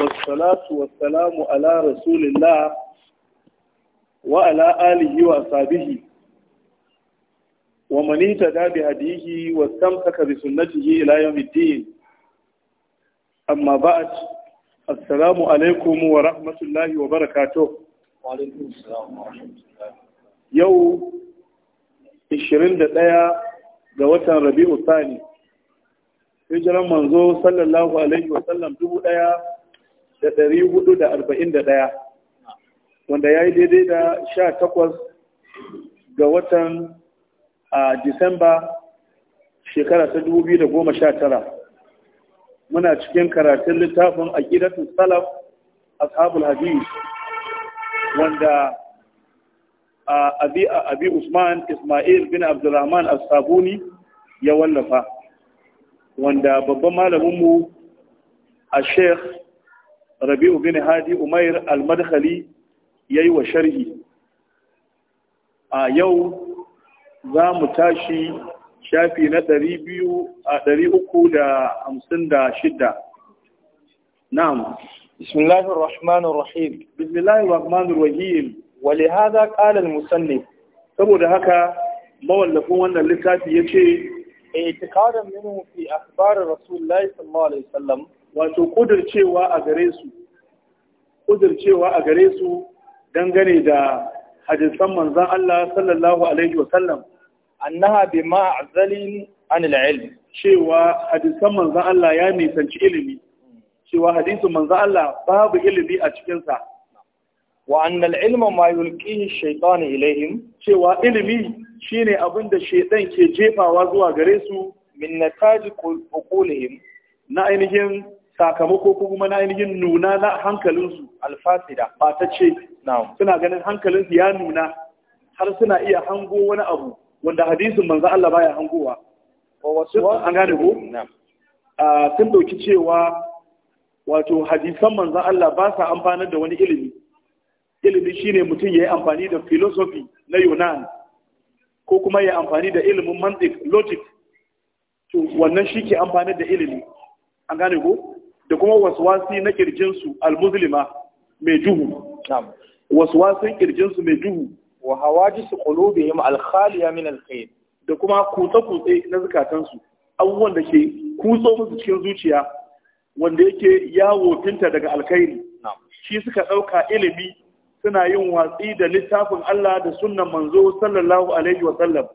والصلاة wasalamu ala rasulillah الله وعلى آله wa ومن wa بهديه واستمسك بسنته إلى يوم الدين أما بعد السلام عليكم amma الله وبركاته alaikum wa ورحمة wa barakatuh wa alaikum yau ga watan Rabi'u Sani hijiran manzo sallallahu alaihi wa dubu ɗaya da ɗari hudu da arba'in da ɗaya wanda ya yi daidai da sha takwas ga watan a disamba shekara ta dubu biyu da goma sha tara muna cikin karatun littafin a aqidatul salaf ashabul hadis wanda abi usman isma'il bin Abdulrahman as-sabuni ya wallafa wanda babban malamin mu a sheikh rabi'u bin hadi umair al-madkhali yayi wa sharhi a yau za mu tashi shafi na 356 na'am بسم rahim. الرحمن الرحيم بسم الله الرحمن الرحيم ولهذا قال المصنف saboda haka mawallafin wannan littafi yace i'tiqadan minhu fi akhbar rasulullahi sallallahu alaihi wasallam wato kudircewa a gare su kudircewa a gare su dangane da hadisan manzan Allah sallallahu alaihi wa sallam annaha bi ma'zalin an al cewa hadisan manzan Allah ya nisanci ilimi cewa hadisan manzan Allah babu ilimi a cikinsa. wa anna al-ilma ma yulqihi shaytan ilayhim cewa ilimi shine abin da shaytan ke jefawa zuwa gare su min nataji uqulihim na ainihin sakamako ko kuma na ainihin nuna na hankalinsu alfasida ba ta ce suna ganin hankalinsu ya nuna har suna iya hango wani abu wanda hadisin manzo Allah baya hangowa an gane ko sun dauki cewa wato hadisan manzo Allah ba sa amfani da wani ilimi ilimi shine mutum ya yi amfani da philosophy na Yunan ko kuma yi amfani da ilimin mantik logic to wannan shi ke amfani da ilimi an gane ko da kuma waswasi na kirjinsu al-muslima mai juhu waswasin kirjinsu mai juhu wa hawajisu qulubihim al-khaliya min al-khayr da kuma kutse-kutse na zukatansu abubuwan da ke kutso musu cikin zuciya wanda yake yawo tinta daga alkhairi shi suka ɗauka ilimi suna yin watsi da littafin Allah da sunnan manzo sallallahu alaihi wa sallam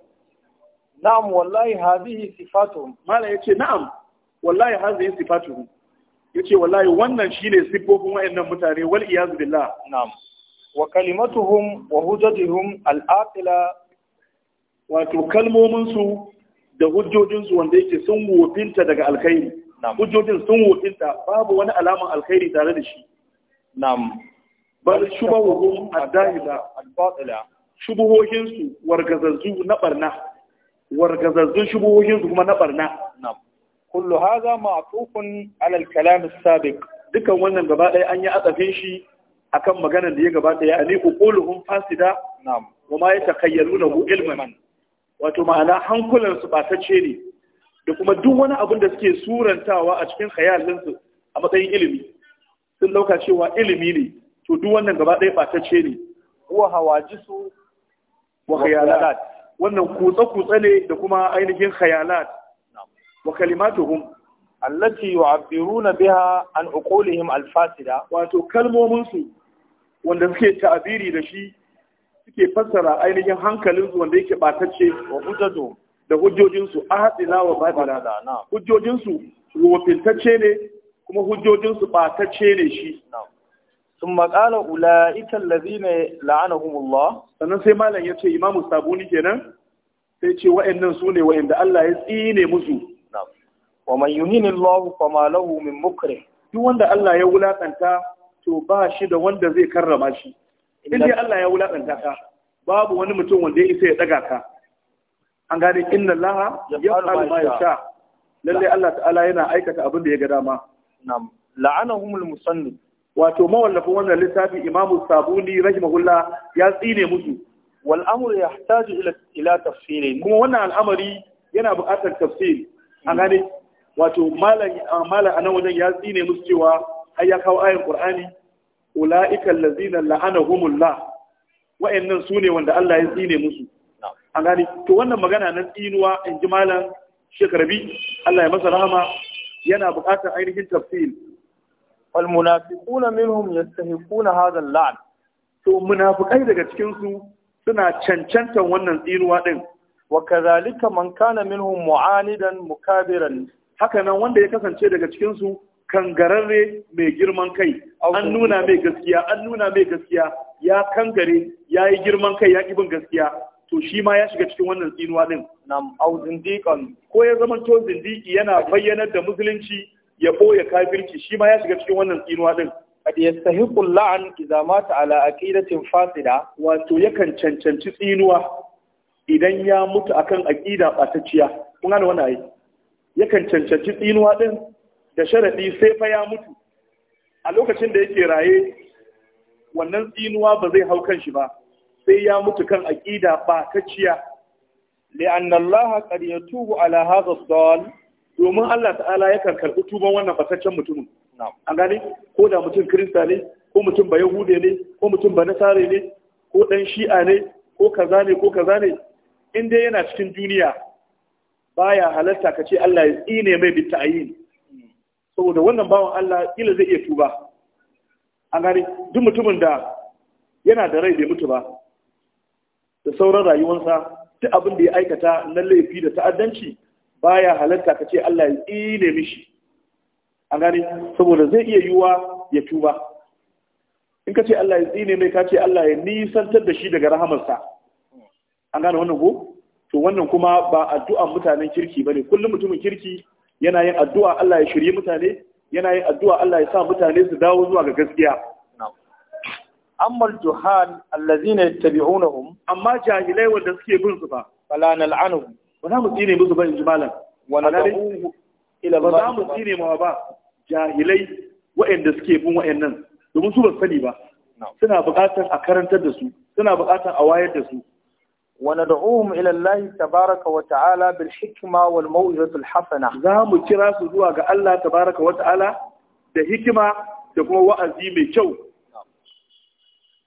na'am wallahi hadhihi sifatuhum mala yace na'am wallahi hadhihi sifatuhum yace wallahi wannan shine sifofin wayannan mutane wal iyaz billah na'am wa kalimatuhum wa hujjatuhum al-aqila wato kalmomin su da hujjojin su wanda yake sun wofinta daga alkhairi hujjojin sun wofinta babu wani alaman alkhairi tare da shi na'am bal shubuhum ad-dahila al-batila shubuhohin su wargazazzu na barna wargazazzun shubuhohin su kuma na barna na'am kullu haza ma'tufun ala al-kalam as-sabiq dukan wannan gaba ɗaya an yi atsafin shi akan maganar da ya gabata ya ani uquluhum fasida na'am wa ma hu ilman wato ma'ana hankulan su ce ne da kuma duk wani abin da suke surantawa a cikin khayalin su a matsayin ilimi sun dauka cewa ilimi ne to duk wannan gaba ɗaya ce ne wa hawajisu wa khayalat wannan kutsa kutsa ne da kuma ainihin khayalat wa kalimatuhum allati yu'abbiruna biha an uqulihim al wato kalmomin wanda suke ta'abiri da shi suke fassara ainihin hankalin su wanda yake batacce da hujjojin a ahadila wa badila hujjojin su ruwafintacce ne kuma hujjojinsu su batacce ne shi ثم قال أولئك الذين لعنهم sannan sai malam ya ce imamu sabuni kenan sai ce wa'annan sune wa'anda Allah ya tsine musu wa man yuhini Allah ma lahu min mukrim duk wanda Allah ya wulakanta to ba shi da wanda zai karrama shi in dai Allah ya wulakanta ka babu wani mutum wanda ya isa ya daga ka an gane inna Allah yaf'alu ma yasha lalle Allah ta'ala yana aikata abin da ya ga dama na'am la'anahumul musannif wato mawallafin wannan littafi imamu sabuni rahimahullah ya tsine musu wal amru yahtaju ila ila tafsirin kuma wannan al'amari yana buƙatar tafsir an gane wato malam a nan wajen ya tsine musu cewa har ya kawo ayin ƙur'ani ula'ikan lazina la'anahumullah wa'annan su ne wanda Allah ya tsine musu an gani to wannan magana na tsinuwa in ji malam shekarabi Allah ya masa rahama yana buƙatar ainihin tafsir wal munafiquna minhum yastahiquna hadha al-la'n to munafiqai daga cikin su suna cancantan wannan tsinuwa din wa kazalika man kana minhum mu'anidan mukabiran haka nan wanda ya kasance daga cikinsu kangararre mai girman kai an nuna mai gaskiya an nuna mai gaskiya ya kangare ya yi girman kai ya bin gaskiya to shi ma ya shiga cikin wannan tsinuwa din nam au zindiqan ko ya zama to zindiki yana bayyanar da musulunci ya boye kafirci shi ma ya shiga cikin wannan tsinuwa din qad yastahiqu la'an idza mata ala aqidatin fasida wato yakan cancanci tsinuwa idan ya mutu akan aqida batacciya kun hana wannan ayi yakan cancanci tsinuwa ɗin da sharaɗi sai fa ya mutu a lokacin da yake raye wannan tsinuwa ba zai hau kan shi ba sai ya mutu kan aƙida ba ta ciya لأن الله ya tubu ala haza الضال domin Allah ta'ala yakan karɓi tuban wannan fasaccen mutumin A gane ko da mutum kirista ne ko mutum ba yahude ne ko mutum ba nasare ne ko ɗan shi'a ne ko kaza ne ko kaza ne in dai yana cikin duniya baya halarta ka ce Allah ya tsine mai a yi. saboda wannan bawan Allah ila zai iya tuba an gari duk mutumin da yana da rai bai mutu ba da sauran rayuwarsa duk abin da ya aikata na laifi da ta'addanci baya halarta ka ce Allah ya tsine mishi an gari saboda zai iya yiwuwa ya tuba in ka ce Allah ya tsine mai ka ce Allah ya nisantar da shi daga rahamarsa an gane wannan ko to wannan kuma ba addu'an mutanen kirki bane kullum mutumin kirki yana yin addu'a Allah ya shirye mutane yana yin addu'a Allah ya sa mutane su dawo zuwa ga gaskiya amma juhal allazina yattabi'unahum amma jahilai wanda suke bin su fa fala nal'anuhum ba za mu tsine musu ba in ji malam wa nadahu ila ba za mu tsine ma ba jahilai wa'anda suke bin wa'annan domin su ba sani ba suna buƙatar a karantar da su suna buƙatar a wayar da su وندعوهم إلى الله تبارك وتعالى بالحكمة والموعظة الحسنة زام كراس زوا الله تبارك وتعالى بحكمة تكون وعزي مكو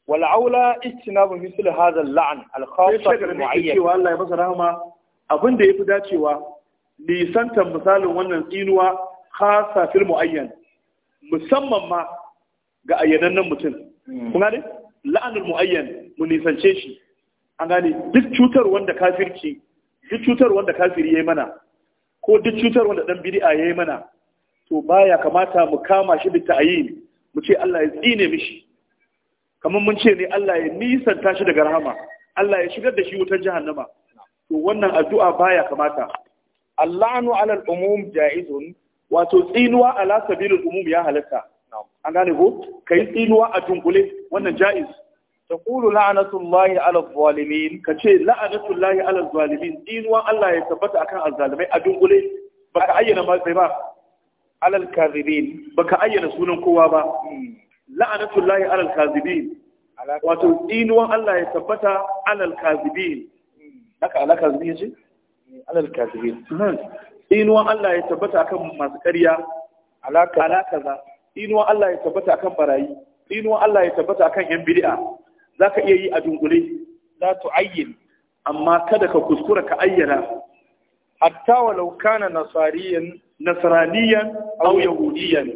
والعولى اجتناب مثل هذا اللعن الخاصة المعين والله يبصر هما أبن دي يفداتي و لسانتا مثال ونن إنوا خاصة في المعين مسمى ما ga ayyanan mutum. Kun gane? La'anul mu'ayyan mun nisance shi. an gane duk cutar wanda kafirci duk cutar wanda kafiri yayi mana ko duk cutar wanda dan bid'a yayi mana to baya kamata mu kama shi da ta'ayin mu ce Allah ya tsine mishi kamar mun ce ne Allah ya nisanta shi daga rahama Allah ya shigar da shi wutar jahannama to wannan addu'a baya kamata Allahu al umum jaizun wato tsinuwa ala sabilul umum ya halatta an gane ko kai tsinuwa a dunkule wannan jaiz taqulu la'natullahi 'ala adh-dhalimin kace la'natullahi 'ala adh-dhalimin dinuwan Allah ya tabbata akan azzalimai a dungule baka ayyana ma ba alal kadhibin baka ayyana sunan kowa ba la'natullahi 'ala al wato dinuwan Allah ya tabbata 'ala al-kadhibin hmm. Allah ya tabbata akan masu ƙarya ala kaza Allah ya tabbata akan barayi dinuwan Allah ya tabbata yan bid'a za ka iya yi a dunkule tu ayyin amma kada ka kuskura ka ayyana hatta walau kana nasariyan nasraniyan aw yahudiyan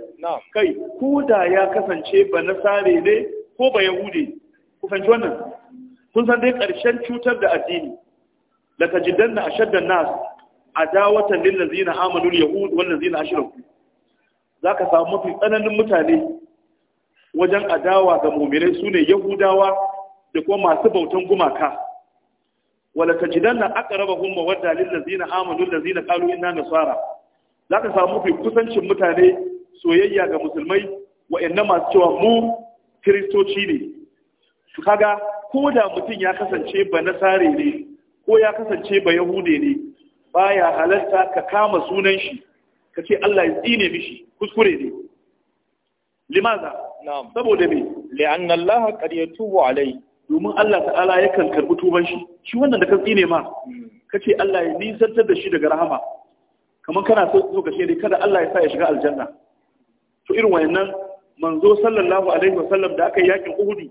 kai ko da ya kasance ba nasare ne ko ba yahudi ku fahimci wannan kun san dai karshen cutar da addini la tajidanna ashadda nas adawatan lil ladina amanu al yahud wal ladina ashraku zaka samu mafi tsananin mutane wajen adawa ga mu'minai sune yahudawa da kuma masu bautan gumaka wala tajidanna hum mawadda lil ladzina amanu ladzina qalu inna nasara zaka samu fi kusancin mutane soyayya ga musulmai wa inna masu cewa mu kristoci ne to kaga ko da mutum ya kasance ba nasare ne ko ya kasance ba yahude ne baya halarta ka kama sunan shi ka ce Allah ya tsine mishi kuskure ne limaza na'am saboda me li'anna Allah qad yatubu alayhi domin Allah ta'ala yakan karbi tuban shi shi wannan da ka tsine ma ce Allah ya nisantar da shi daga rahama kamar kana so ka ce ne kada Allah ya sa ya shiga aljanna to irin wayannan manzo sallallahu alaihi wasallam da aka yi yakin Uhudi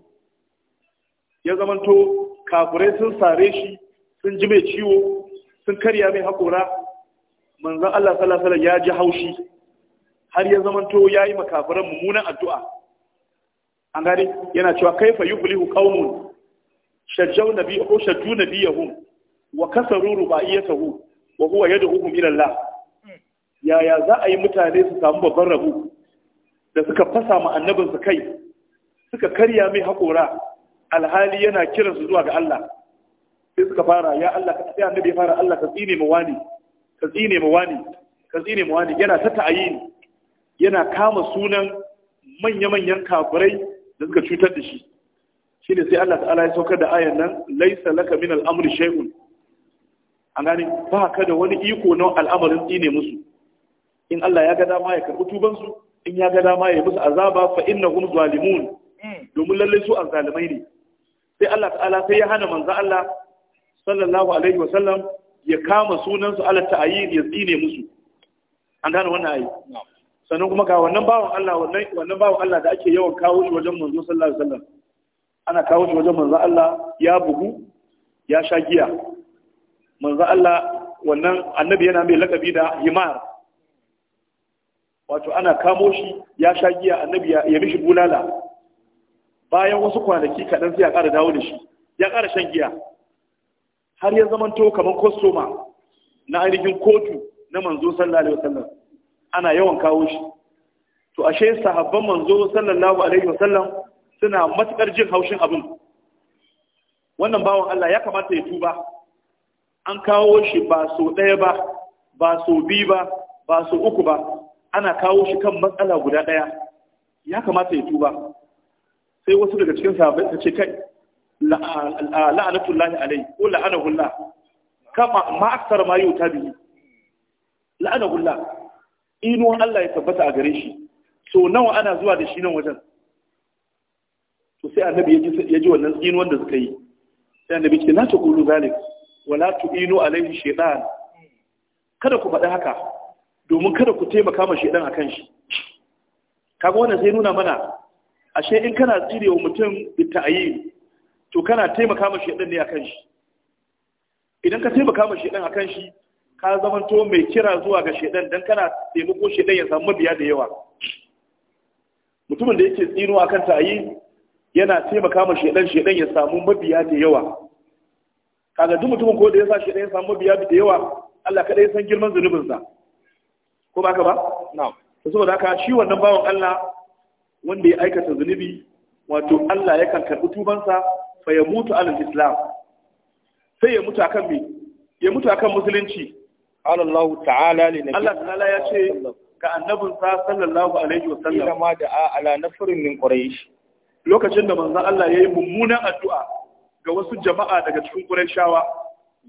ya zamanto kafurai sun sare shi sun ji mai ciwo sun karya mai haƙora manzon Allah sallallahu alaihi wasallam ya ji haushi har ya zamanto yayi makafuran mummunan addu'a an gari yana cewa kaifa yublihu qaumun shajjau nabi ko shajju nabiyahum wa kasaru rubaiyatahu wa huwa yad'uhum ila Allah yaya za a yi mutane su samu babban rabu da suka fasa ma annabin su kai suka karya mai haƙora alhali yana kiran su zuwa ga Allah sai suka fara ya Allah ka tsaya annabi ya fara Allah ka tsine mu wani ka tsine mu wani ka tsine mu wani yana ta ta'ayin yana kama sunan manya-manyan kafirai da suka cutar da shi Shi ne sai Allah ta'ala ya saukar da ayan nan laisa laka min al'amri shay'un an gane ba ka da wani iko na al'amarin tsine musu in Allah ya ga dama ya karɓi tubansu in ya ga dama ya musu azaba fa innahum zalimun hmm. domin lalle su azzalimai ne sai Allah ta'ala sai ya hana manzo Allah sallallahu alaihi wa sallam ya kama sunan su ala ta'ayyir ya tsine musu an gane wannan ayi sannan kuma ga wannan bawan Allah wannan wannan bawan Allah da ake yawan kawo shi wajen manzo sallallahu alaihi wasallam ana kawo shi wajen manzo Allah ya bugu ya sha giya manzo Allah wannan annabi yana mai lakabi da himar wato ana kamo shi ya sha giya annabi ya mishi bulala bayan wasu kwanaki kaɗan sai ya ƙara dawo da shi ya ƙara shan giya har ya zamanto kamar kostoma na ainihin kotu na manzo sallallahu alaihi wasallam ana yawan kawo shi to ashe sahabban manzo sallallahu alaihi wasallam suna matukar jin haushin abin wannan bawan Allah ya kamata ya tuba an kawo shi ba so ɗaya ba ba so biyu ba ba so uku ba ana kawo shi kan matsala guda ɗaya ya kamata ya tuba sai wasu daga cikin sahabbai ta ce kai la'anatullahi alai ko la'anahullah kama ma aksar ma yau tabi la'anahullah inuwan Allah ya tabbata a gare shi so nawa ana zuwa da shi nan wajen to sai annabi ya ji wannan inuwan da suka yi sai annabi ce na taqulu zalik wala tu'inu alaihi shaytan kada ku faɗi haka domin kada ku taimaka ma shaytan akan shi kaga wannan sai nuna mana ashe in kana tsirewa mutum bita'ayi to kana taimaka ma shaytan ne akan shi idan ka taimaka ma shaytan akan shi ka zamanto mai kira zuwa ga shedan don kana taimako shedan ya samu mabiya da yawa mutumin da yake tsino a kan ta'ayi yana taimaka ma shedan shedan ya samu mabiya da yawa kaga duk mutumin ko da ya sa shedan ya samu mabiya da yawa Allah kada ya san girman zunubin sa ko ba ka ba na'am saboda haka shi wannan bawan Allah wanda ya aikata zunubi wato Allah kan karbi tubansa fa ya mutu alal islam sai ya mutu akan me ya mutu akan musulunci قال الله تعالى لنبي الله تعالى يا شيء كأنبن sallallahu alaihi wa sallam. إنما da ala nafrin min quraish lokacin da manzon Allah yayi mummunan addu'a ga wasu jama'a daga cikin quraishawa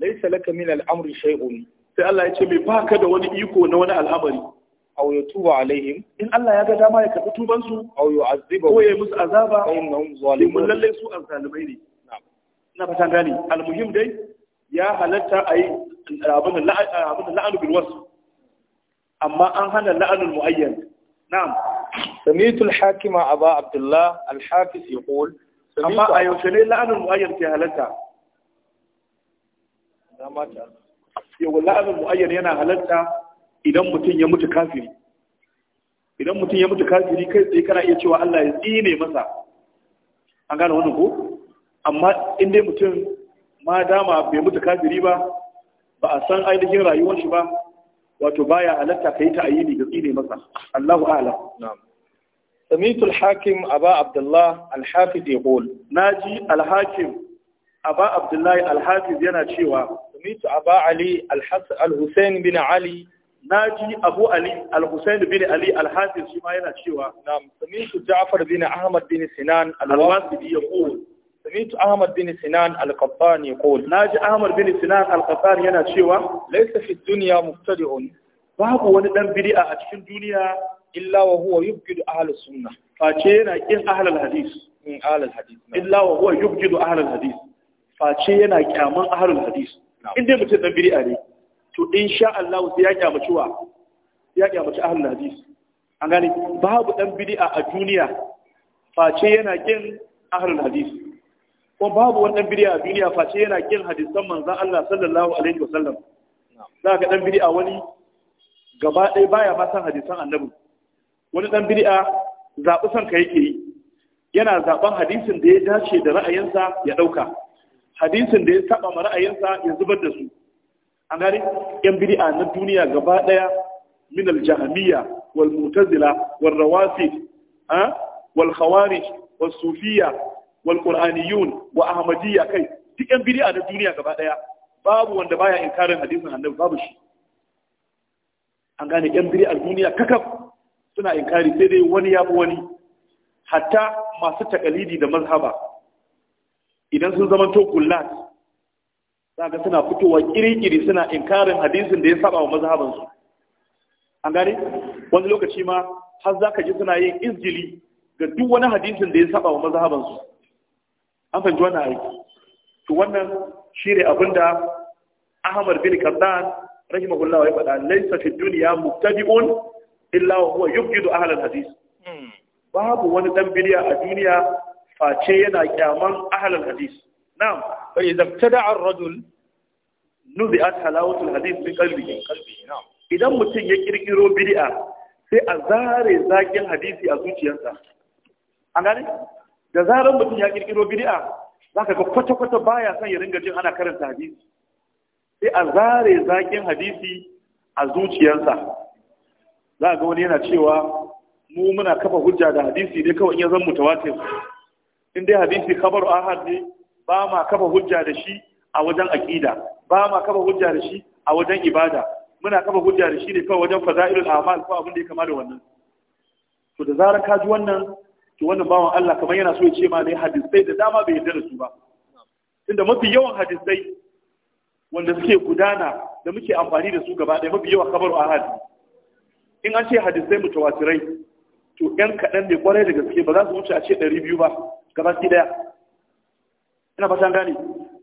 laysa laka min al-amri shay'un sai Allah ya ce mai baka da wani iko na wani al'amari aw yatuba alaihim in Allah ya ga dama ya karbi tuban su aw yu'azziba ko ya musu azaba fa innahum zalimun lalle su azzalimai ne na fata gani almuhim dai ya halatta a yi abin da la'anu bil wasu amma an hana la'anul muayyan na'am samitul hakima aba abdullah al-hafiz yaqul amma a yaushe ne la'anul muayyan ke halatta yau la'anul muayyan yana halatta idan mutum ya mutu kafiri idan mutum ya mutu kafiri kai tsaye kana iya cewa Allah ya tsine masa an gane wannan ko amma in dai mutum ma dama bai mutu kafiri ba ba a san ainihin rayuwar shi ba wato baya halatta kai ta yi ne gaske ne masa Allahu a'lam na'am samitul aba abdullah al-hafiz yaqul naji al aba abdullah al-hafiz yana cewa samitu aba ali al-hasan ali naji abu ali al-husain ali al-hafiz shi yana cewa na'am ja'far bin ahmad bin sinan al-wasi yaqul سمعت أحمد بن سنان القطان يقول ناجي أحمد بن سنان القطان هنا شيوا ليس في الدنيا مبتدع باب وندم بدعة في الدنيا إلا وهو يبجد أهل السنة فاتينا إن أهل الحديث من أهل الحديث إلا وهو يبجد أهل الحديث فاتينا كمان أهل الحديث إن دي متدم بدعة دي to insha Allah sai ya kyamaci wa ya kyamaci ahlul hadis an gane babu dan bid'a a duniya face yana kin ahlul hadis ko babu wannan bidiya a duniya face yana kin hadisan manzon Allah sallallahu alaihi wasallam za ga dan bidiya wani gaba ɗaya baya ma san hadisan annabi wani dan bidiya zaɓi san ka yake yi yana zaɓan hadisin da ya dace da ra'ayinsa ya ɗauka hadisin da ya saba ma ra'ayinsa ya zubar da su an gane yan a na duniya gaba ɗaya min al-jahmiyya wal mu'tazila wal rawafid ah, wal khawarij wal sufiyya wal qur'aniyun wa ahmadiyya kai duk yan bid'a na duniya gaba daya babu wanda baya inkarin hadisin annabi babu shi an gane yan bid'a a duniya kakaf suna inkari sai dai wani ya fi wani hatta masu takalidi da mazhaba idan sun zama to kullat zaka suna fitowa kirikiri suna inkarin hadisin da ya saba wa mazhabansu an gane wani lokaci ma har zaka ji suna yin izjili ga duk wani hadisin da ya saba wa mazhabansu an fahimci wannan aiki to wannan shine abinda Ahmad bin Kaddan rahimahullah ya faɗa laysa fi dunya mubtadi'un illa wa huwa yubghidu ahlan hadis hmm. babu wani dan bidiya a duniya face yana kyaman ahlan hadis na'am fa idza tada'a ar-rajul nuzi'at halawatul hadis min qalbihi qalbihi na'am idan mutum ya kirkiro bid'a sai a zare zakin hadisi a zuciyarsa an gane da zarar mutum ya kirkiro bid'a ka ga kwata-kwata baya son ya ringa jin ana karanta hadisi sai a zare zakin hadisi a zuciyarsa za ga wani yana cewa mu muna kafa hujja da hadisi ne kawai ya zan mutawatir in dai hadisi kabar ahad ne ba ma kafa hujja da shi a wajen aqida ba ma kafa hujja da shi a wajen ibada muna kafa hujja da shi ne kawai wajen fazailul amal ko abin da ya kama da wannan to da zarar ka ji wannan to wannan bawan Allah kamar yana so ya ce ma ne hadisai da dama bai yarda da su ba tunda mafi yawan hadisai wanda suke gudana da muke amfani da su gaba ɗaya mafi yawa kabaru ahad in an ce hadisai mutawatirai to ɗan kaɗan ne kwarai da gaske ba za su wuce a ce ɗari biyu ba gaba ki ɗaya ina fatan gane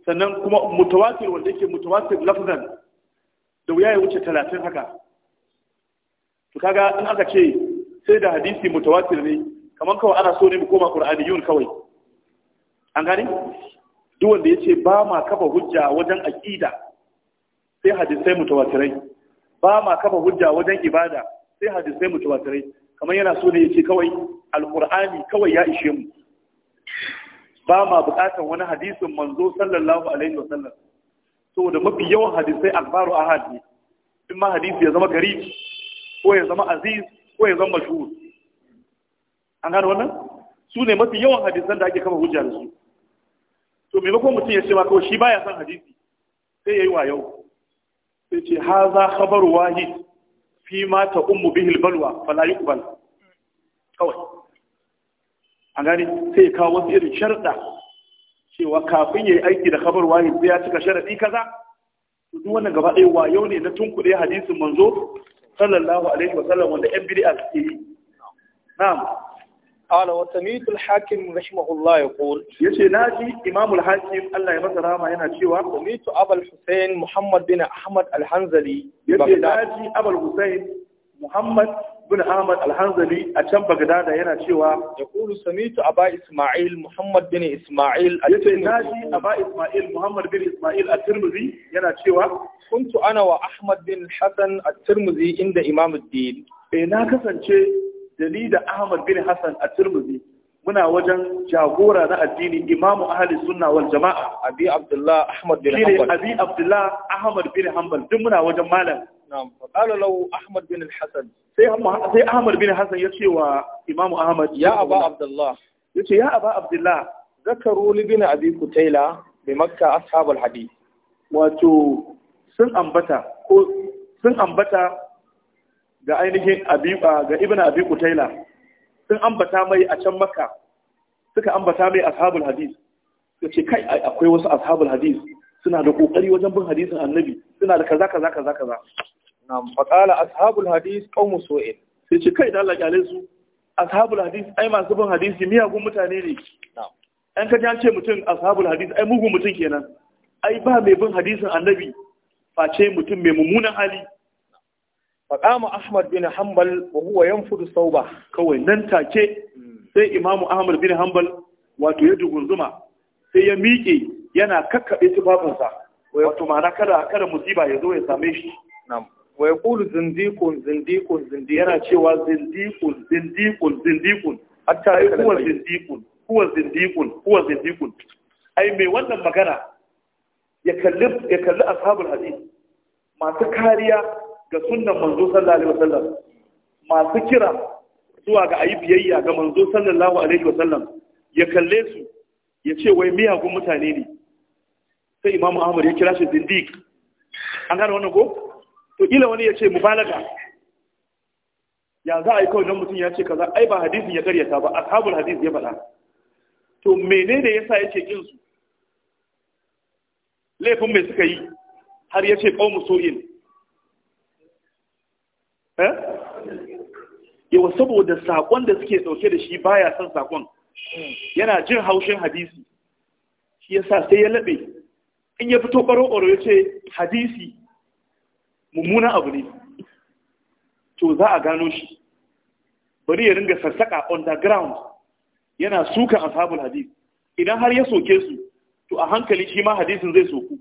sannan kuma mutawatir wanda yake mutawatir lafzan da wuya ya wuce talatin haka to kaga in aka ce sai da hadisi mutawatir ne kamar kawai ana so ne mu koma yiwu kawai an gani duk wanda ce ba ma kafa hujja wajen aƙida sai hadisai mutawatirai ba ma kafa hujja wajen ibada sai hadisai mutawatirai kamar yana so ne ce kawai alƙura'ani kawai ya ishe mu ba ma buƙatar wani hadisin manzo sallallahu alaihi wa sallam saboda mafi yawan hadisai akbaru ahad ne in ma hadisi ya zama gari ko ya zama aziz ko ya zama mashhur an gano wannan su ne mafi yawan hadisan da ake kama hujja da su to maimakon mutum ya ce ma kawai shi baya son hadisi sai ya yi wayo sai ce ha za khabar wahid fi ma ta ummu bihil balwa fala yuqbal kawai an gani sai ya kawo wasu irin sharda cewa kafin ya yi aiki da khabar wahid sai ya cika sharadi kaza duk wannan gaba ɗaya wayo ne na tunkuɗe hadisin manzo sallallahu alaihi wa sallam wanda yan bid'a ke yi na'am قال وسميت الحاكم رحمه الله يقول يشي ناجي إمام الحاكم الله يمسر راما هنا شيوا سميت أبا الحسين محمد بن أحمد الحنزلي يشي ناجي أبا الحسين محمد بن أحمد الحنزلي أشام بغداد هنا شيوا يقول سميت أبا إسماعيل محمد بن إسماعيل يشي ناجي أبا إسماعيل محمد بن إسماعيل الترمذي هنا شيوا كنت أنا وأحمد بن الحسن الترمذي عند إمام الدين إيه نا كسنشي da ni da Ahmad bin Hassan a Tirmidhi muna wajen jagora na addini imam ahli sunna wal jama'a abi abdullah ahmad bin hanbal abi abdullah ahmad bin hanbal duk muna wajen malam na'am fa qala lahu ahmad bin Hassan. hasan sai sai ahmad bin Hassan ya ce wa imam ahmad ya aba abdullah yace ya aba abdullah zakaru li bin abi kutaila bi makka ashab al-hadith wato sun ambata ko sun ambata ga ainihin ga ibn abi kutaila sun ambata mai a can makka suka ambata mai ashabul hadis suka ce kai akwai wasu ashabul hadis suna da kokari wajen bin hadisin annabi suna da kaza kaza kaza kaza na faqala ashabul hadis qawmu su'il sai ce kai da Allah ya su ashabul hadis ai masu bin hadisi miyagun mutane ne an ka jan ce mutum ashabul hadis ai mugun mutum kenan ai ba mai bin hadisin annabi face mutum mai mummunan hali faɗama ahmad bin hanbal wa huwa yanfudu sauba kawai nan take sai imamu ahmad bin hanbal wato ya dugunzuma sai ya miƙe yana kakkaɓe tufafinsa wato ma'ana kada kada musiba ya zo ya same shi wa ya kulu zindikun zindikun zindikun yana cewa zindikun zindikun zindikun hatta yi kuwa zindikun kuwa zindikun kuwa zindikun ai mai wannan magana ya kalli ashabul hadith masu kariya ga sunan manzo sallallahu alaihi wasallam masu kira zuwa ga ayi biyayya ga manzo sallallahu alaihi wasallam ya kalle su ya ce wai miyagun mutane ne sai imam ahmad ya kira shi zindiq an gane wannan ko to ila wani ya ce mubalaga ya za a yi kawai don mutum ya ce kaza ai ba hadisin ya karyata ba ashabul hadis ya faɗa to menene yasa yake kin su laifin mai suka yi har ya ce qaumu Eh? yawa saboda sakon da suke dauke da shi baya son sakon yana jin haushin hadisi shi yasa sai ya labe in ya fito baro baro ya ce hadisi mummuna abu ne to za a gano shi bari ya ringa sassaka on the ground yana suka ashabul hadis idan har ya soke su to a hankali shi ma hadisin zai soku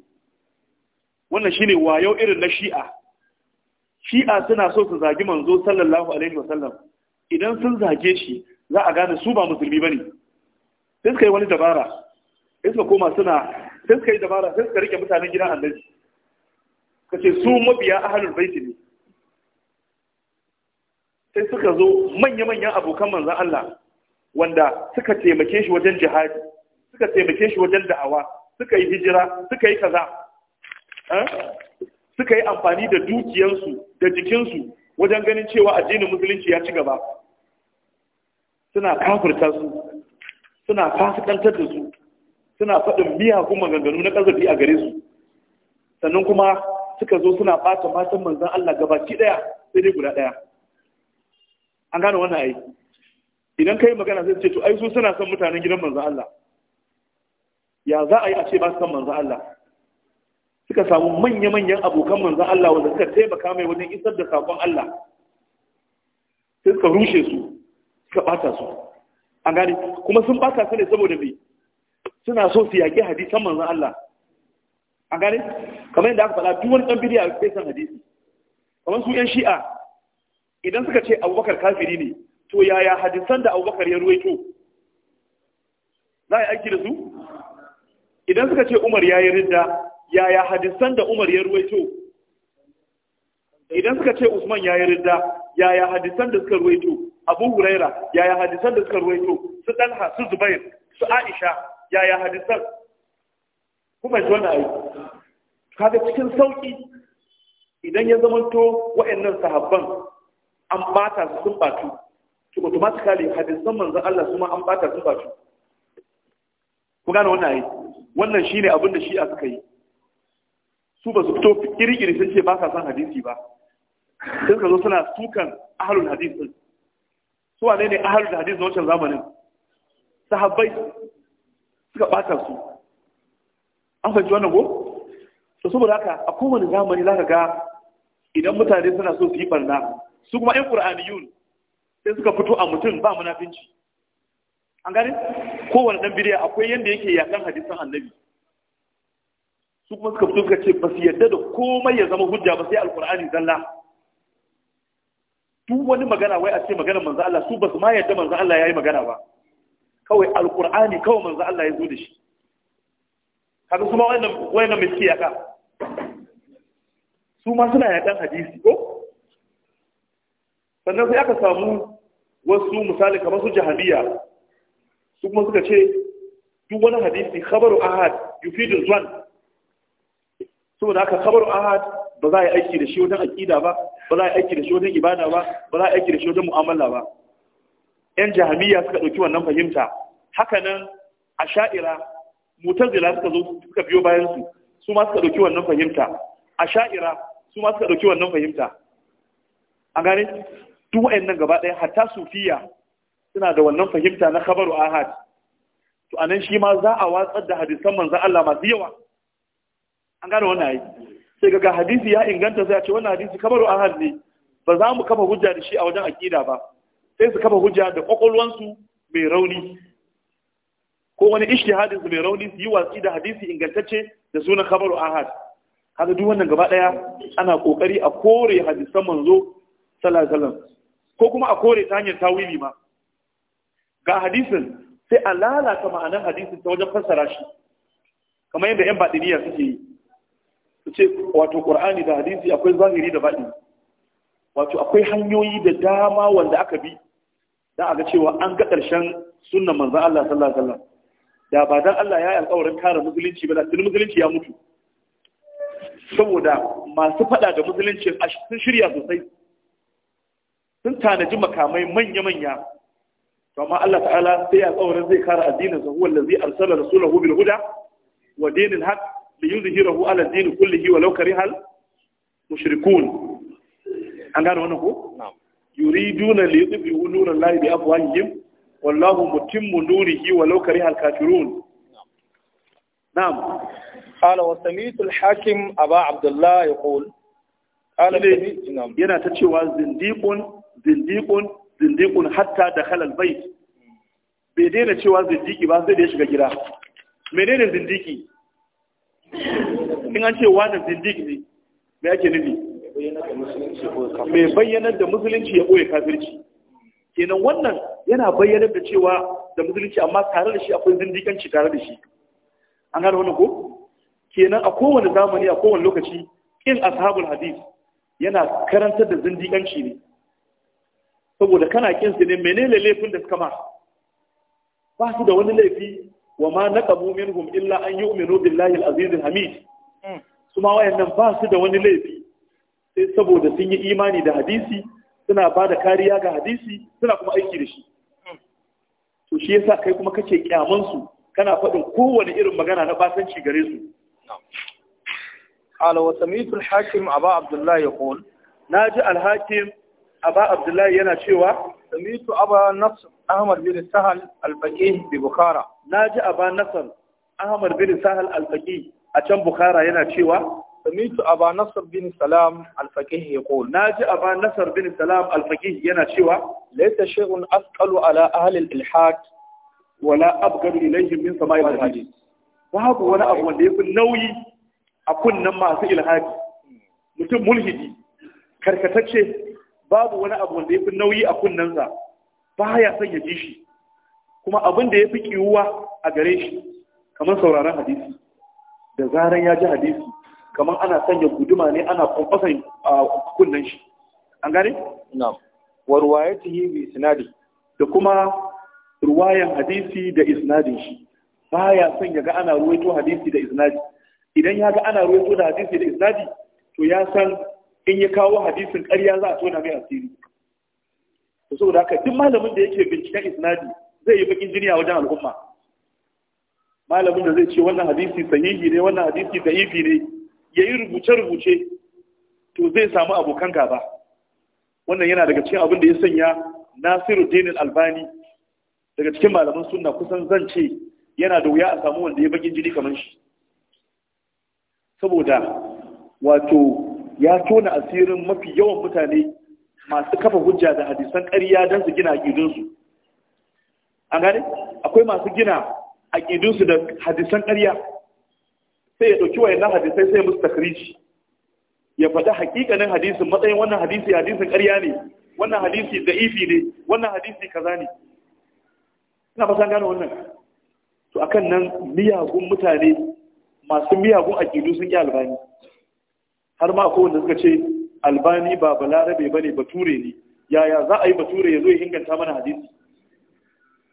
wannan shine wayo irin na shi'a shi'a suna so su zagi manzo sallallahu alaihi wasallam idan sun zage shi za a gane su ba musulmi bane sai suka yi wani dabara sai suka koma suna sai suka yi dabara sai suka rike mutanen gidan annabi kace su mabiya ahlul bait ne sai suka zo manya-manyan abokan manzon Allah wanda suka taimake shi wajen jihadi suka taimake shi wajen da'awa suka yi hijira suka yi kaza eh? suka yi amfani da dukiyansu da jikinsu wajen ganin cewa addinin musulunci ya ci gaba suna kafirta su suna fasikantar da su suna faɗin miyagun maganganu na ƙazafi a gare su sannan kuma suka zo suna ɓata matan manzan Allah gabaki ɗaya sai dai guda ɗaya an gane wannan ai idan kai magana sai ce to ai su suna son mutanen gidan manzan Allah ya za a yi a ce ba su san manzan Allah suka samu manya-manyan abokan manzan Allah wanda suka taimaka mai wajen isar da sakon Allah sai suka rushe su suka ɓata su an gani kuma sun ɓata su ne saboda me suna so su yaƙi hadisan manzan Allah an gani kamar yadda aka faɗa duk wani ɗan bidiya bai san hadisi kamar su 'yan shi'a idan suka ce abubakar kafiri ne to yaya hadisan da abubakar ya ruwaito za a yi aiki da su idan suka ce umar ya yi ridda yaya hadisan da Umar ya ruwaito idan suka ce Usman ya yi ridda yaya hadisan da suka ruwaito Abu Huraira yaya hadisan da suka ruwaito su Talha su Zubair su Aisha yaya hadisan kuma ji wannan aiki kaga cikin sauki idan ya zamanto waɗannan sahabban an bata su sun batu to automatically hadisan manzon Allah kuma an bata sun batu ku gane wannan ayi. wannan shine abin da shi'a suka yi su ba su fito iri-iri sun ce ba sa son hadisi ba sun ka zo suna sukan ahalul hadis din su wane ne ahalul hadis na wancan zamanin sahabbai suka ɓata su an fahimci wannan ko to saboda haka a kowane zamani za ka ga idan mutane suna so su yi barna su kuma ƴan yun sai suka fito a mutum ba munafinci an gani kowane dan bidiya akwai yadda yake yakan hadisan annabi su kuma suka fito suka ce ba su yadda da komai ya zama hujja ba sai alkur'ani zalla duk wani magana wai a ce magana manzo Allah su ba su ma yadda manzo Allah yayi magana ba kawai alkur'ani kawai manzo Allah ya zo da shi kaga su ma wannan wannan miski yaka su ma suna yadan hadisi ko sannan sai aka samu wasu misali kamar su jahabiya su kuma suka ce duk wani hadisi khabaru ahad yufidu zan saboda haka kabar ahad ba za a yi aiki da shi wajen aƙida ba ba za a yi aiki da shi wajen ibada ba ba za a yi aiki da shi wajen mu'amala ba yan jahamiya suka ɗauki wannan fahimta Haka nan, a sha'ira mutazila suka zo suka biyo bayan su su ma suka ɗauki wannan fahimta a sha'ira su ma suka ɗauki wannan fahimta a gane duk wa'annan gaba ɗaya hatta sufiya suna da wannan fahimta na kabaru ahad to anan shi ma za a watsar da hadisan manzon Allah masu yawa an gane wannan ai sai ga hadisi ya inganta sai a ce wannan hadisi kamar ahad ne ba za mu kafa hujja da shi a wajen aqida ba sai su kafa hujja da kwakwalwansu mai rauni ko wani ishtihadin su mai rauni su yi watsi da hadisi ingantacce da sunan kamar ahad haka duk wannan gaba daya ana kokari a kore hadisan manzo sallallahu alaihi wasallam ko kuma a kore ta hanyar tawili ma ga hadisin sai a lalata ma'anar hadisin ta wajen fassara shi kamar yadda yan baɗiniya suke yi ce wato Kur'ani da hadisi akwai zahiri da baɗi wato akwai hanyoyi da dama wanda aka bi da aga cewa an ga ƙarshen sunan manzon Allah sallallahu da ba dan Allah ya yi alƙawarin kare musulunci ba da tun musulunci ya mutu saboda masu faɗa da musulunci sun shirya sosai sun tanaji makamai manya-manya to amma Allah ta'ala sai ya zai kare addinin sa huwa allazi arsala rasulahu bil huda wa dinil haqq liyuzhirahu ala kullihi walau karihal mushrikun an gane wannan ko yuriduna liyudhibu bi afwahihim wallahu mutimmu nurihi walau karihal kafirun na'am yana ta cewa zindiqun zindiqun zindiqun hatta dakhala albayt bai daina cewa zindiki ba sai da ya shiga gida menene zindiki in an ce wani zindig ne me ake nufi mai bayyanar da musulunci ya ɓoye kafirci kenan wannan yana bayyanar da cewa da musulunci amma tare da shi akwai zindikanci tare da shi an gane wani ko kenan a kowane zamani a kowane lokaci in ashabul hadis yana karantar da zindikanci ne saboda kana kin ne menene laifin da suka ma ba su da wani laifi wa ma min hum illa an yu'minu billahi al-aziz al-hamid hmm. su ma wayannan ba su da wani laifi sai saboda sun yi imani da hadisi suna ba da kariya ga hadisi suna kuma aiki da shi hmm. to shi sa kai kuma kake kyaman su kana faɗin kowane irin magana na basanci gare su qala wa hakim aba al-hakim aba yana cewa sami'tu aba nafs Ahmad bin Sahal al-Faqih bi Bukhara naji Aba Nasr Ahmad bin Sahal al-Faqih a can Bukhara yana cewa samitu Aba Nasr bin Salam al-Faqih yaqul naji Aba Nasr bin Salam al-Faqih yana cewa laysa shay'un asqalu ala ahli al-ilhad wala abgadu ilayhim min sama'i al-hadith babu wani abu wanda nauyi a kunnan masu mutum karkatacce babu wani abu wanda fi nauyi a kunnansa ba ya son ya ji shi kuma abin da ya fi kiwuwa a gare shi kamar sauraron hadisi da zaran ya ji hadisi kamar ana sanya guduma ne ana kwamfasan kunnen shi an gane? na'am wa yi bi isnadi da kuma ruwayan hadisi da isnadin shi ba ya son ya ga ana ruwaito hadisi da isnadi idan ya ga ana ruwaito da hadisi da isnadi to ya san in ya kawo hadisin ƙarya za a tona mai asiri to da haka duk malamin da yake binciken isnadi zai yi bakin jiniya wajen al'umma malamin da zai ce wannan hadisi sahihi ne wannan hadisi da'ifi ne yayi rubuce rubuce to zai samu abokan gaba wannan yana daga cikin abin da ya sanya Nasiru Dinin Albani daga cikin malaman sunna kusan zan ce yana da wuya a samu wanda ya bakin jini kamar shi saboda wato ya tona asirin mafi yawan mutane masu kafa hujja da hadisan ƙarya don su gina aƙidunsu an gane akwai masu gina aƙidunsu da hadisan ƙarya sai ya ɗauki wayannan hadisai sai musu takirici. ya faɗi hakikanin hadisin matsayin wannan hadisi hadisin ƙarya ne wannan hadisi da ifi ne wannan hadisi kaza ne ina ba san gane wannan to akan nan miyagun mutane masu miyagun aƙidu sun ƙi albani har ma akwai wanda suka ce albani ba balarabe ba ne bature ne yaya za a yi bature ya zo ya inganta mana hadisi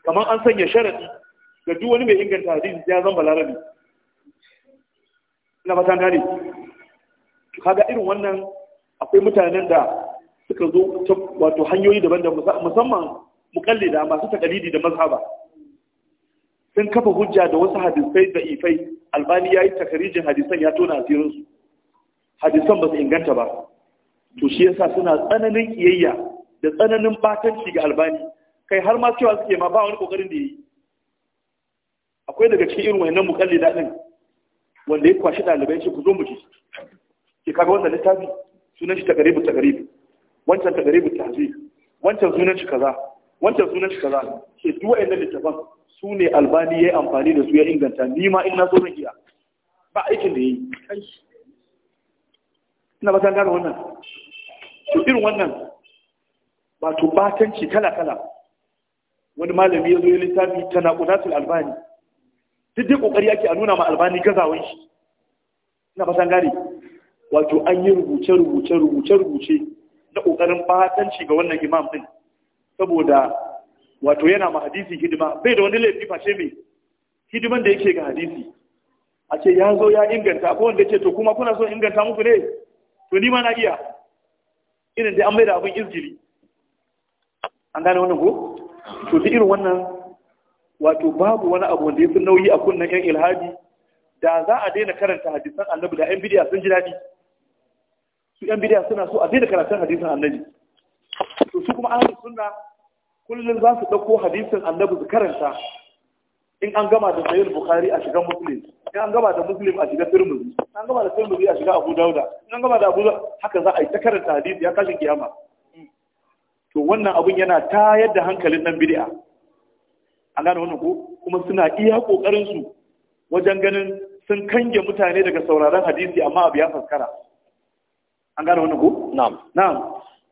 kamar an sanya sharaɗi ga duk wani mai inganta hadisi ya zan balarabe ina fatan gane kaga irin wannan akwai mutanen da suka zo wato hanyoyi daban da musamman da masu takalidi da mazhaba sun kafa hujja da wasu hadisai da ifai albani ya yi takarijin hadisan ya tona asirinsu hadisan ba su inganta ba to shi yasa suna tsananin kiyayya da tsananin batanci ga albani kai har ma cewa suke ma ba wani kokarin da yi akwai daga cikin irin wayannan mukalli da din wanda ya kwashi dalibai shi ku zo mu ji ki kaga wannan littafi sunan shi takaribu takaribu wancan takaribu tahzib wancan sunan shi kaza wancan sunan shi kaza ke duk wayannan littafan su ne albani yi amfani da su ya inganta ni ma in na so zan iya ba aikin da yi. ina ba ta gane wannan to irin wannan wato batanci kala-kala wani malami ya zo ya littafi ta naƙudatul albani duk dai ƙoƙari ake a nuna ma albani gazawan shi ina fasan gane wato an yi rubuce-rubuce rubuce-rubuce na ƙoƙarin batanci ga wannan imam din saboda wato yana ma hadisi hidima bai da wani laifi face mai hidiman da yake ga hadisi a ce ya zo ya inganta ko wanda ce to kuma kuna so inganta muku ne to ni ma na iya irin da an mai da abin izgiri an gane wannan ko to da irin wannan wato babu wani abu wanda ya fi nauyi a kunnen yan ilhadi da za a daina karanta hadisan annabi da yan bidiya sun ji daɗi su yan bidiya suna so a daina karatun hadisan annabi to su kuma ahlus sunna kullum za su ɗauko hadisin annabi su karanta in an gama da sahih bukhari a shigan muslim in an gaba da muslim a shiga turmuzi an gaba da turmuzi a shiga abu dauda an gaba da abu haka za a yi ta karanta hadisi ya kashin kiyama to wannan abun yana tayar da hankalin nan bid'a an gane wannan ko kuma suna iya kokarin su wajen ganin sun kange mutane daga sauraron hadisi amma abu ya faskara an gane wannan ko na'am na'am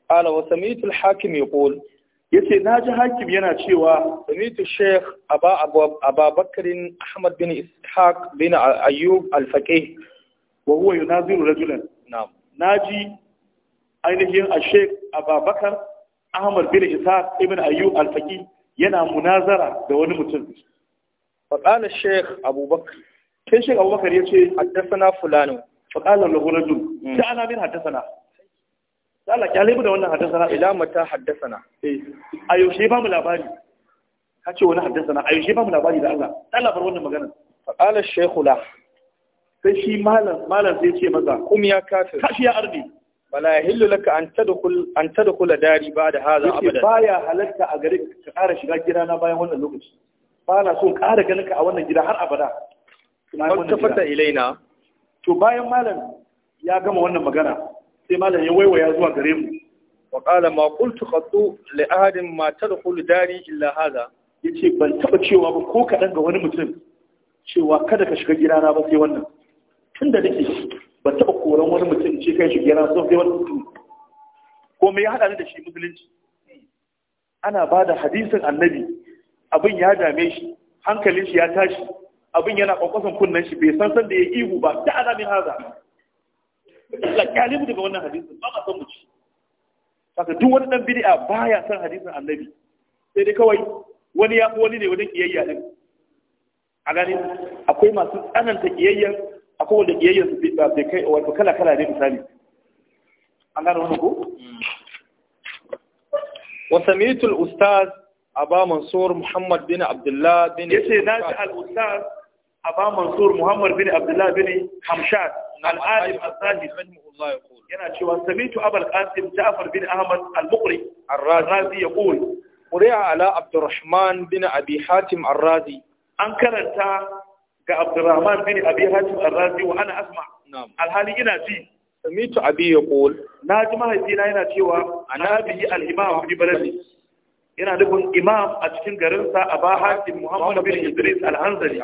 ala wa sami'tu al-hakim yaqul yace na ji hakim yana cewa samitu sheikh aba ababakarin ahmad bin ishaq bin ayyub al-faqih wa huwa yunaziru rajulan na'am naji ainihin a sheikh ababakar ahmad bin ishaq ibn ayyub al-faqih yana munazara da wani mutum fa qala sheikh abubakar sai sheikh abubakar yace haddathana fulanu fa qala lahu rajul hmm. sai ana min haddathana Allah ya laibu da wannan haddasana ila mata haddasa na? Eh, a yaushe ba mu labari ka ce wani haddasa na? a yaushe ba mu labari da Allah Allah bar wannan magana fa qala shaykhu sai shi malam malam sai ce maza kum ya kafir kashi ya ardi wala yahillu laka an tadkhul an tadkhul dari ba'da hadha abadan baya halatta a gare ka ƙara shiga na bayan wannan lokaci ba na so ƙara ganin ka a wannan gida har abada kun tafata ilaina to bayan malam ya gama wannan magana sai malam ya waiwaya zuwa gare mu wa qala ma qultu qattu li ahadin ma tadkhul dari illa hadha yace ban taba cewa ba ko kadan ga wani mutum cewa kada ka shiga gidana ba sai wannan tunda nake ban taba koran wani mutum ce kai shiga gidana sai wannan mutum ko me ya hada ni da shi musulunci ana ba da hadisin annabi abin ya dame shi hankalin shi ya tashi abin yana kwakwasan kunnen shi bai san san da ya ihu ba ta alamin haza Allah kyale mu daga wannan hadisin ba ma son mu ci saka duk wani dan bid'a baya son hadisin annabi sai dai kawai wani ya wani ne wani kiyayya din a gani akwai masu tsananta kiyayya akwai wanda kiyayya su bai kai wato kala kala ne misali an gane wani ko wa samitu al-ustaz aba mansur muhammad bin abdullah bin yace na ji al-ustaz aba mansur muhammad bin abdullah bin hamshad al al-zahid yana cewa samitu abul qasim bin ahmad al-muqri ar-razi yaqul quri'a ala abdurrahman bin abi hatim ar an karanta ga abdurrahman bin abi hatim ar wa ana asma alhali ina ji samitu abi yaqul na ji mahaifina yana cewa anabi yana nufin imam a cikin garinsa a ba hatim muhammad bin idris al-hanzali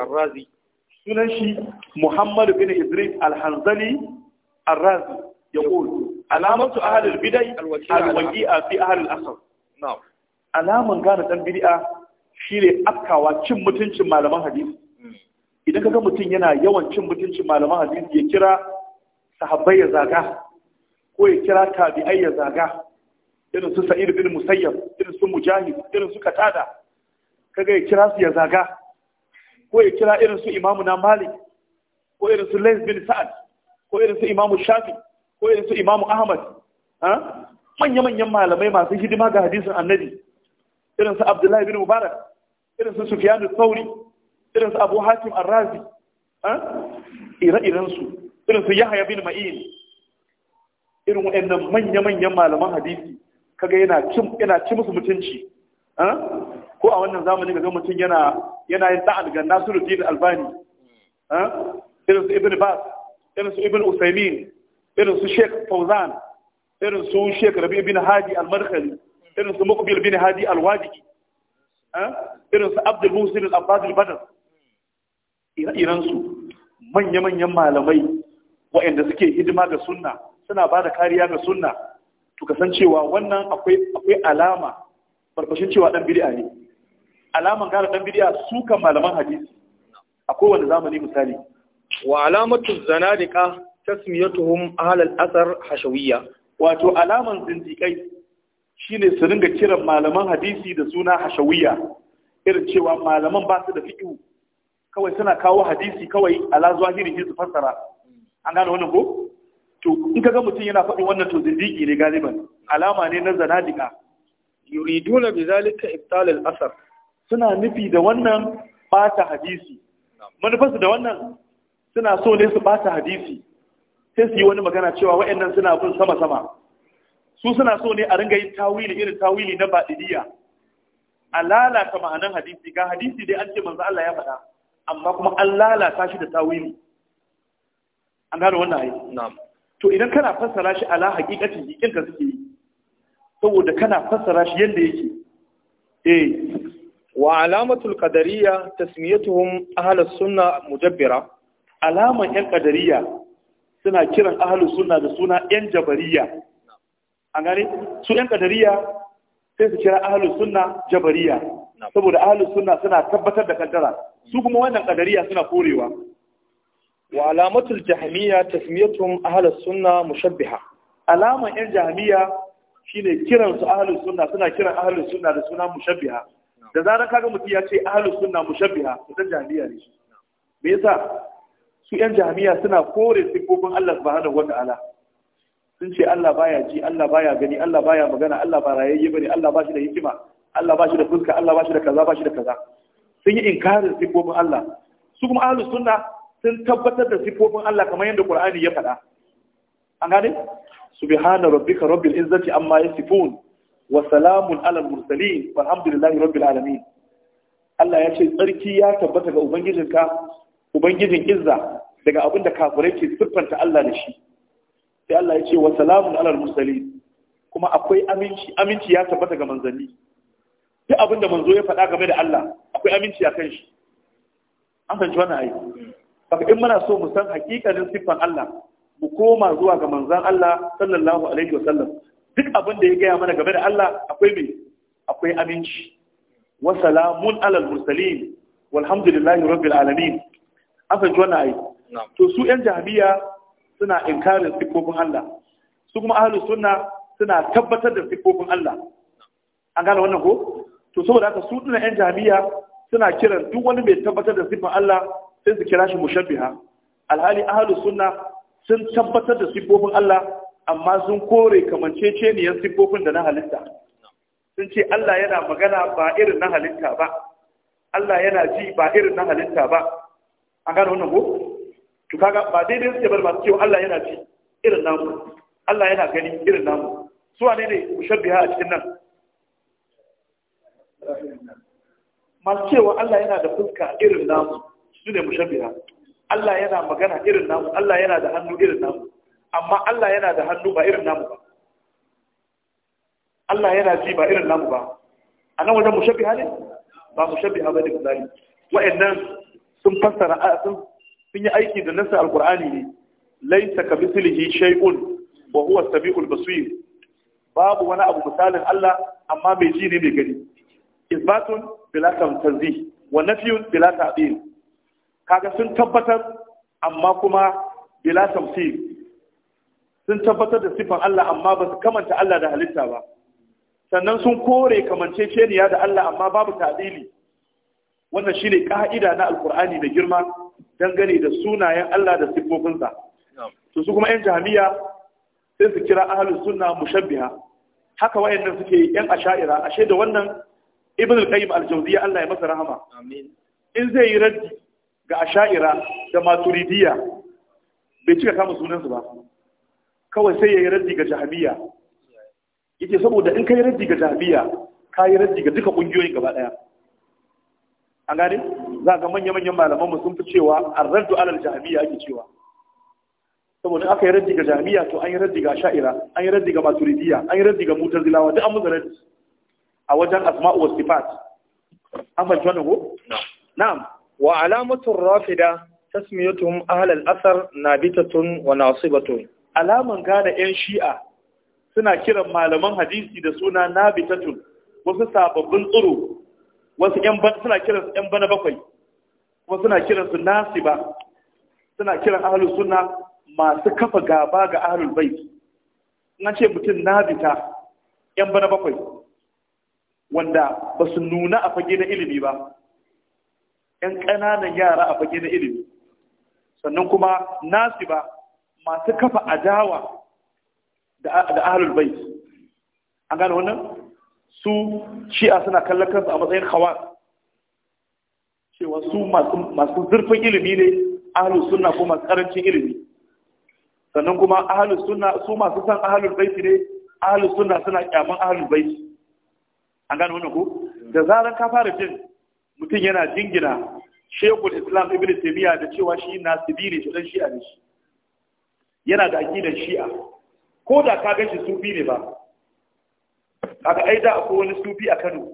sunan shi Muhammad bin Idris al-Hanzali ar-Razi yaqul alamatu al-bid'ah a fi ahalar asar alamun alaman gane dan ne shine afkawa cin mutuncin malaman hadisi hmm. idan kaga mutum yana yawan cin mutuncin malaman hadisi ya kira sahabbai ya zaga ko ya kira tabi'ai ya zaga irin su Sa'id bin Musayyab irin su Mujahid irin su Katada kaga ya kira su ya zaga ko ya kira irin su imamu na malik ko irin su lens bin sa'ad ko irin su imamu shafi ko irin su imamu ahmad manya-manyan malamai masu hidima ga hadisin annabi irin su abdullahi bin mubarak irin su sufiyanu sauri irin su abu hakim arrazi ire-iren su irin su yahaya bin ma'in irin waɗannan manya-manyan malaman hadisi kaga yana cin musu mutunci ko a wannan zamani ga mutum yana yana yin da'a ga Nasiruddin Albani irin su Ibn Bas irin su Ibn Usaimin irin su Sheikh Fawzan irin su Sheikh Rabi ibn Hadi Al-Markali irin su Muqbil ibn Hadi Al-Wadi'i irin su Abdul Musin Al-Abbas Al-Badr ire su manya-manyan malamai waɗanda suke hidima ga sunna suna ba da kariya ga sunna to kasancewa wannan akwai akwai alama farfashin cewa dan bid'a ne alaman gane dan bidiya su kan malaman hadisi a kowane zamani misali wa alamatu zanadika tasmiyatuhum ahl al-athar hashawiyya wato alaman zindikai shine su ringa cire malaman hadisi da suna hashawiyya irin cewa malaman ba su da fiqh kawai suna kawo hadisi kawai ala zahiri su fassara an gane wannan ko to in kaga mutum yana faɗin wannan to zindiki ne galiban alama ne na zanadika yuriduna bi zalika ibtal al asar. suna nufi da wannan bata hadisi manufarsu da wannan suna so ne su bata hadisi sai su yi wani magana cewa wa'annan suna bin sama-sama su suna so ne a ringa yin tawili irin tawili na baɗiniya a lalata ma'anan hadisi ga hadisi dai an ce manzo Allah ya faɗa amma kuma an lalata shi da tawili an gano wannan ayi to idan kana fassara shi ala haqiqatin hikin ka suke yi saboda kana fassara shi yadda yake eh wa alamatul qadariyya tasmiyatuhum ahlus suna mujabbira alaman yan ƙadariya suna kiran ahlus sunna da suna yan jabariya an gane su yan ƙadariya sai su kira ahlus sunna jabariya saboda ahlus sunna suna tabbatar da kaddara su kuma wannan ƙadariya suna korewa wa alamatul jahmiyya tasmiyatuhum ahlus suna mushabbiha alaman yan jahmiyya shine kiran su ahlus sunna suna kiran ahlus sunna da suna mushabbiha da zarar kaga mutum ya ce ahlus sunna mushabbiha dan jami'a ne shi me yasa su yan jami'a suna kore sifofin Allah subhanahu wata'ala sun ce Allah baya ji Allah baya gani Allah baya magana Allah ba rayayye bane Allah ba shi da hikima Allah ba shi da fuska Allah ba shi da kaza ba shi da kaza sun yi inkarin sifofin Allah su kuma ahlus sunna sun tabbatar da sifofin Allah kamar yadda Qur'ani ya faɗa an gane subhana rabbika rabbil izzati amma yasifun wa salamun alal mursalin walhamdulillahi rabbil alamin Allah ya ce tsarki ya tabbata ga ubangijin izza daga abin da ke siffanta Allah da shi sai Allah ya ce wa alal mursalin kuma akwai aminci ya tabbata ga manzanni duk abin da manzo ya faɗa game da Allah akwai aminci a kan shi an ayi haka in muna so mu san hakikanin siffan Allah mu koma zuwa ga manzan Allah sallallahu alaihi wa sallam duk abin da ya gaya mana game da Allah akwai mai akwai aminci wa salamun alal mursalin walhamdulillahi rabbil alamin an fahimci wannan ai to su yan jahiliya suna inkarin sifofin Allah su kuma ahlu sunna suna tabbatar da sifofin Allah an gane wannan ko to saboda haka su dinan yan jahiliya suna kiran duk wani mai tabbatar da sifofin Allah sai su kira shi mushabbiha alhali ahlu sunna sun tabbatar da sifofin Allah amma sun kore yan siffofin da na halitta sun ce Allah yana magana ba irin na halitta ba Allah yana ji ba irin na halitta ba an gano wannan ko to kaga ba daidai suke bar masu cewa Allah yana ji irin namu Allah yana gani irin namu su wane ne biya a cikin nan masu cewa Allah yana da fuska irin namu su ne mushabbiha Allah yana magana irin namu Allah yana da hannu irin namu amma Allah yana da hannu ba irin namu ba Allah yana ji ba irin namu ba a nan wajen mushabbiha ne ba mushabbiha ba ne misali wa'annan sun fassara sun sun yi aiki da nasa alqur'ani ne laysa ka mislihi shay'un wa huwa as-sami'ul basir babu wani abu misalin Allah amma mai ji ne mai gani isbatun bila tanzih wa nafyun bila ta'dil kaga sun tabbatar amma kuma bila tamthil sun tabbatar da siffan Allah amma ba su kamanta Allah da halitta ba sannan sun kore kamanceceniya da Allah amma babu ta'adili. wannan shine ka'ida na alkur'ani da girma dangane da sunayen Allah da siffofinsa to su kuma yan jami'a sai su kira ahlus sunna mushabbiha haka wayannan suke yan asha'ira ashe da wannan ibn al-qayyim al-jawziyya Allah ya masa rahama in zai yi raddi ga asha'ira da maturidiya bai cika kama sunansu ba kawai sai ya yi raddi ga jahabiya yake saboda in ka yi raddi ga jahabiya ka yi raddi ga duka ƙungiyoyin gaba ɗaya an gane za ga manya-manyan mu sun fi cewa a raddu alal jahabiya ake cewa saboda aka yi raddi ga jahabiya to an yi raddi ga sha'ira an yi raddi ga maturidiya an yi raddi ga zilawa duk an musu raddi a wajen asma'u wa sifat an fahimci wannan ko na'am wa alamatul rafida tasmiyatuhum ahlal asar nabitatun wa nasibatun alaman gane 'yan shi'a suna kiran malaman hadisi da suna bitatun wasu sababbin tsoro wasu suna kiran su 'yan bana bakwai kuma suna kiran su nasiba suna kiran ahalu suna masu kafa gaba ga ahalul bai na ce mutum bita 'yan bana bakwai wanda ba su nuna a fage na ilimi ba 'yan ƙananan yara a fage na ilimi sannan kuma nasiba masu kafa adawa da ahalul bai an gane wannan su shi'a suna kallon kansu a matsayin hawa cewa su masu zurfin ilimi ne ahalus suna ko masu karancin ilimi sannan kuma ahalus suna su masu san ahalul su ne ahalus suna suna kyaman ahalul su. an gane wannan ko da zaran ka fara jin mutum yana jingina shekul islam ibn taymiya da cewa shi nasibi ne shi dan shi'a ne shi yana da aƙidar shi'a ko da ka gashi sufi ne ba a ga aida akwai wani sufi a Kano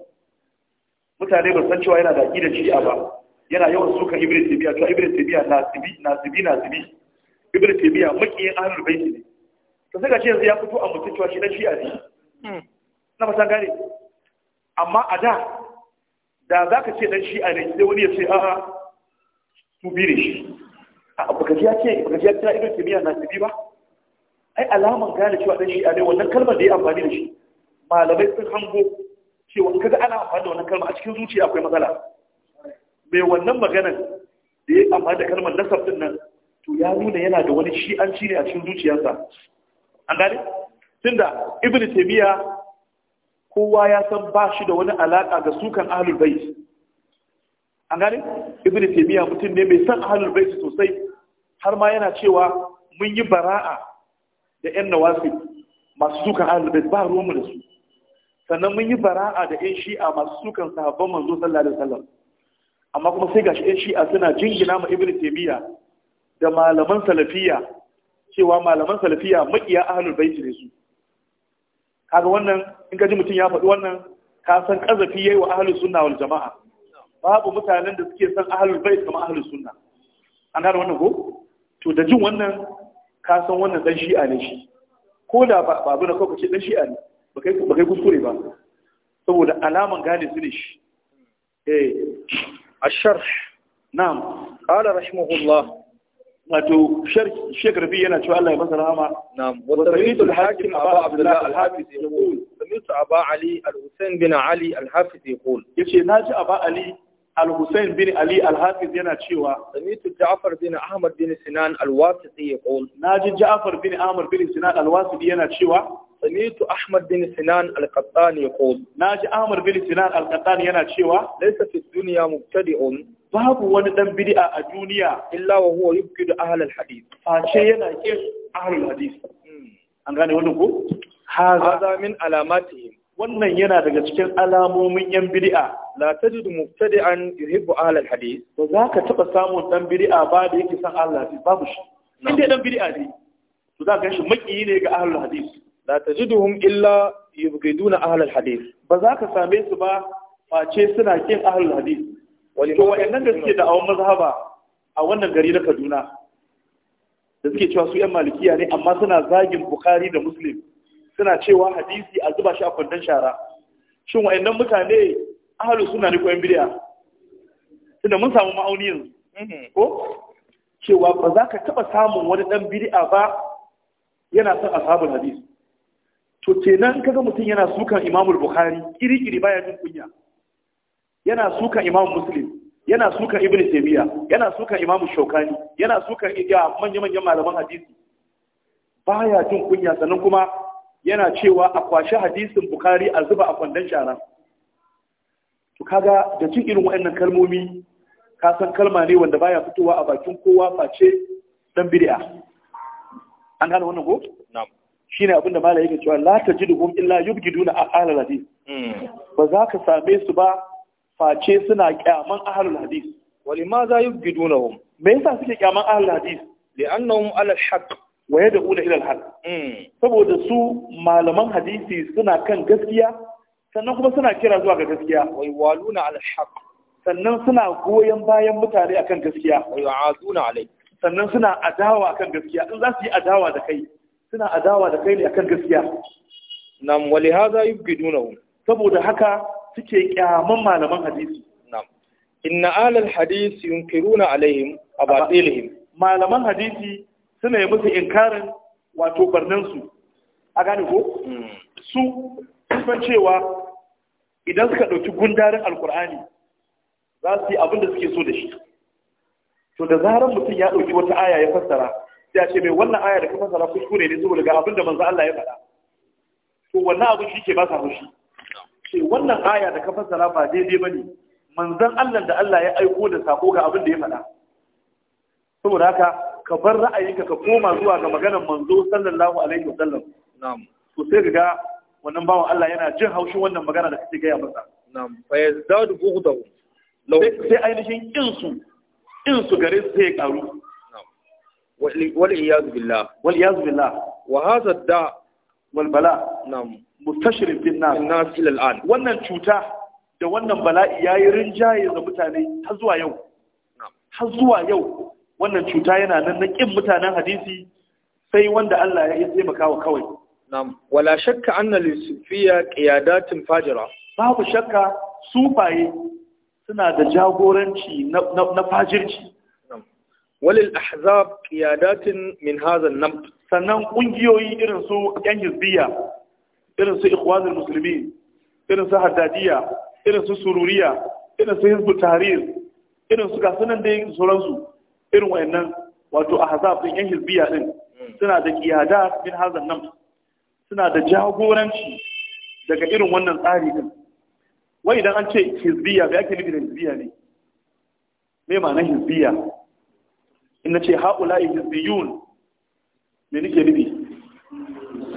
mutane ba san cewa yana da aƙidar shi'a ba yana yawan suka ibn tabiya to ibn tabiya nasibi na nasibi ibn tabiya makiyin ahlul bait ne to sai ka ce yanzu ya fito a mutum cewa shi dan shi'a ne hmm. na fatan gane amma a da da za ka ce dan shi'a ne sai wani ya ce a'a su bi ne shi baka ce baka ji ya ce ibn taymiya na tafi ba ai alamun gane cewa dan shi'a ne wannan kalmar da ya amfani da shi malamai sun hango cewa in kaga ana amfani da wannan kalmar a cikin zuciya akwai matsala mai wannan maganar da ya amfani da kalmar nasab din nan to ya nuna yana da wani shi'anci ne a cikin zuciyarsa an gane tunda ibn taymiya kowa ya san ba shi da wani alaka ga sukan ahlul bait an gane ibn taymiya mutum ne mai san ahlul bait sosai har ma yana cewa mun yi bara'a da yan nawasi masu dukan ahlul ba ruwanmu da su sannan mun yi bara'a da yan shi'a masu sukan sahabban manzo sallallahu alaihi wasallam amma kuma sai gashi yan shi'a suna jingina ma ibnu taymiya da malaman salafiya cewa malaman salafiya makiya ahlul bait ne su kaga wannan in ka ji mutum ya faɗi wannan ka san kazafi yayi wa ahlus sunna wal jama'a babu mutanen da suke san ahlul bait kamar ahlus sunna an gane wannan ko to da jin wannan ka san wannan dan shi'a ne shi ko da ba abu na kawai ce dan shi'a ne ba kai kuskure ba saboda alaman gane su ne shi eh ashar na'am qala rahimahullah wato shek rabi yana cewa Allah ya masa rahama na'am wa sami'tu al-hakim aba abdullah al-hafiz yaqul sami'tu aba ali al-husayn bin ali al-hafiz yaqul yace naji aba ali al-Husayn bin Ali al-Hafiz yana cewa samitu Ja'far bin Ahmad bin Sinan al-Wasiti yaqul naji Ja'far bin Ahmad bin Sinan al-Wasiti yana cewa samitu Ahmad bin Sinan al-Qattani yaqul naji Ahmad bin Sinan al-Qattani yana cewa laysa fi dunya mubtadi'un babu wani dan bid'a a duniya illa wa huwa yubkidu ahl al-hadith face yana ke ahl al-hadith hmm. an gane wannan ko hadha min alamatihim wannan yana daga cikin alamomin yan bid'a la tajidu mubtadi'an yuhibbu ahli alhadith ba za ka taba samun dan bid'a ba da yake san Allah ba babu shi inda dan bid'a ne to za ka shi makiyi ne ga ahli alhadith la tajiduhum illa yubghiduna ahli alhadith ba za ka same su ba face suna kin ahli alhadith to wayannan da suke da awon mazhaba a wannan gari na Kaduna da suke cewa su yan malikiya ne amma suna zagin Bukhari da Muslim suna cewa hadisi a zuba shi a kwandon shara shin wa'annan mutane ahalu suna ne ko yan bidiya tunda mun samu ma'auni yanzu mhm. ko cewa ba za ka taba samun wani dan bidi'a ba yana son ashabul hadisi to kenan kaga mutum yana sukan Imam Bukhari kiri-kiri baya jin kunya yana sukan Imam Muslim yana sukan Ibn Taymiyyah yana sukan Imam shokani yana sukan manya-manyan malaman hadisi baya jin kunya sannan kuma yana cewa a kwashi hadisin bukari a zuba a kwandon shara to kaga da cin irin waɗannan kalmomi ka san kalma ne wanda baya fitowa a bakin kowa face dan bid'a an gane wannan ko na'am shine abin da malai yake cewa la tajiduhum illa yubgiduna ahlul hadis hmm. ba za ka same su ba face suna kyaman hadis wa limaza yubgidunahum me yasa suke kyaman ahlul hadis li'annahum ala haqq wa ya da'una ilal haq mm. saboda su malaman hadisi suna kan gaskiya sannan kuma suna kira zuwa ga gaskiya Wai waluna al haq sannan suna goyon bayan mutane akan gaskiya wa yu'azuna alai sannan suna adawa akan gaskiya in za su yi adawa da kai suna adawa da kai ne akan gaskiya nam wa lihaza yubghidunahu saboda haka suke kyaman malaman hadisi nam inna alal hadisi yunkiruna alaihim abatilihim malaman hadisi suna yi musu inkarin wato barnansu a gane ko su kusan cewa idan suka ɗauki gundarin alkur'ani za su yi abin da suke so da shi to da zarar mutum ya ɗauki wata aya ya fassara sai a ce mai wannan aya da ka fassara kuskure ne saboda ga abin da manzo Allah ya faɗa to wannan abin shi ke ba sa haushi ce wannan aya da ka fassara ba daidai ba ne manzon Allah da Allah ya aiko da sako ga abin da ya faɗa saboda haka ka bar ra'ayinka ka koma zuwa ga maganar manzo sallallahu alaihi wasallam na'am to sai ga wannan bawan Allah yana jin haushin wannan magana da kake gaya masa na'am fa yazdadu law sai ainihin in su in su gare su sai karu wal iyad billah wal iyad billah wa hadha da wal bala na'am mustashrin bin nas ila an wannan cuta da wannan bala'i yayi rinjaye ga mutane har zuwa yau har zuwa yau wannan cuta yana nan na ƙin mutanen hadisi sai wanda Allah ya taimaka wa kawai wala shakka anna lisufiya qiyadatin fajira babu shakka sufaye suna da jagoranci na fajirci walil ahzab qiyadatin min hazan an sannan ƙungiyoyi irin su yan hizbiya irin su ikhwanul musulmi, irin su haddadiya irin su sururiya irin su hizbut tahrir irin su gasunan da sauransu irin wayannan wato ahzab din yan hizbiya din hmm. suna da qiyada min hazan nan suna da jagoranci daga irin wannan tsari din wai idan an ce hizbiya me ake nufin da hizbiya ne me ma'anar hizbiya in na ce haula'i hizbiyun me nake nufi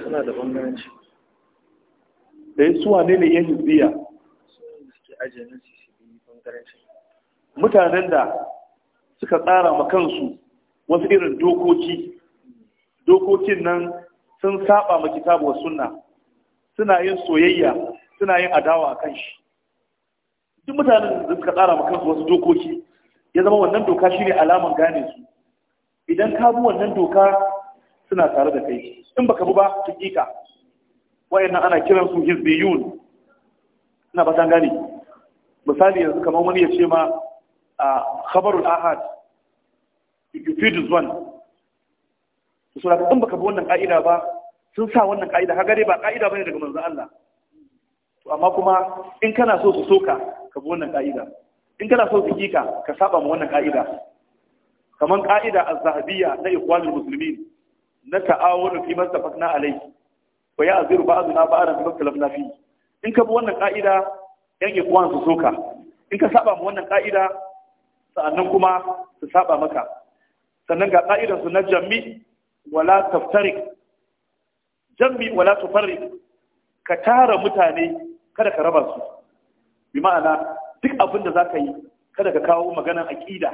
suna da bangaranci da ya suwa ne ne yan hizbiya mutanen da suka tsara ma kansu wasu irin dokoki dokokin nan sun saba ma kitabu wa sunna suna yin soyayya suna yin adawa a kan shi duk mutanen da suka tsara ma kansu wasu dokoki ya zama wannan doka shine alaman gane su idan ka bi wannan doka suna tare da kai in baka bi ba hakika wayannan ana kiran su hizbiyun ina ba gane misali yanzu kamar wani ya ce ma khabarul ahad yufidu zuwan su da in baka bi wannan ka'ida ba sun sa wannan ka'ida ka gare ba ka'ida bane daga manzon Allah to amma kuma in kana so su soka ka bi wannan ka'ida in kana so su kika ka saba mu wannan ka'ida kaman ka'ida az-zahabiyya na ikhwanul muslimin na ta'awunu fi mastafaqna alayhi wa ya'ziru ba'duna ba'dan fi mastafaqna fi in ka bi wannan ka'ida yan ikhwan su soka in ka saba mu wannan ka'ida sa'annan kuma su saba maka sannan ga ƙa'idansu na Jami, wala taftari Jami, wala tufarrik ka tara mutane kada ka raba su bi ma'ana duk abin da za ka yi kada ka kawo maganan aƙida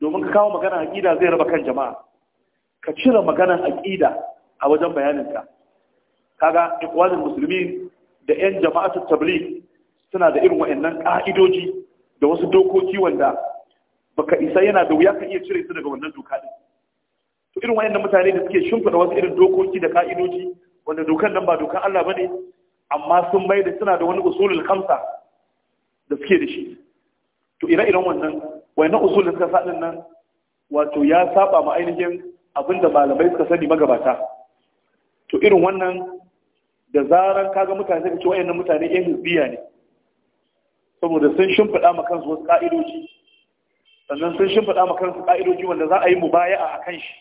domin ka kawo maganan aƙida zai raba kan jama'a ka cire maganan aƙida a wajen bayaninka kaga ikwanin musulmi da 'yan ta tabligh suna da irin wa'annan ƙa'idoji da wasu dokoki wanda baka isa yana da wuya ka iya cire su daga wannan doka din to irin wayannan mutane da suke shimfida wasu irin dokoki da ka'idoji wanda dokan nan ba dokan Allah bane amma sun mai da suna da wani usulul khamsa da suke da shi to ire-iren wannan wani usulul suka sadin nan wato ya saba ma ainihin abinda malamai suka sani magabata to irin wannan da zaran kaga mutane suka ce wayannan mutane yan ne saboda sun shimfiɗa ma kansu wasu ƙa'idoji sannan sun shimfiɗa ma kansu ƙa'idoji wanda za a yi mubaya'a a kan shi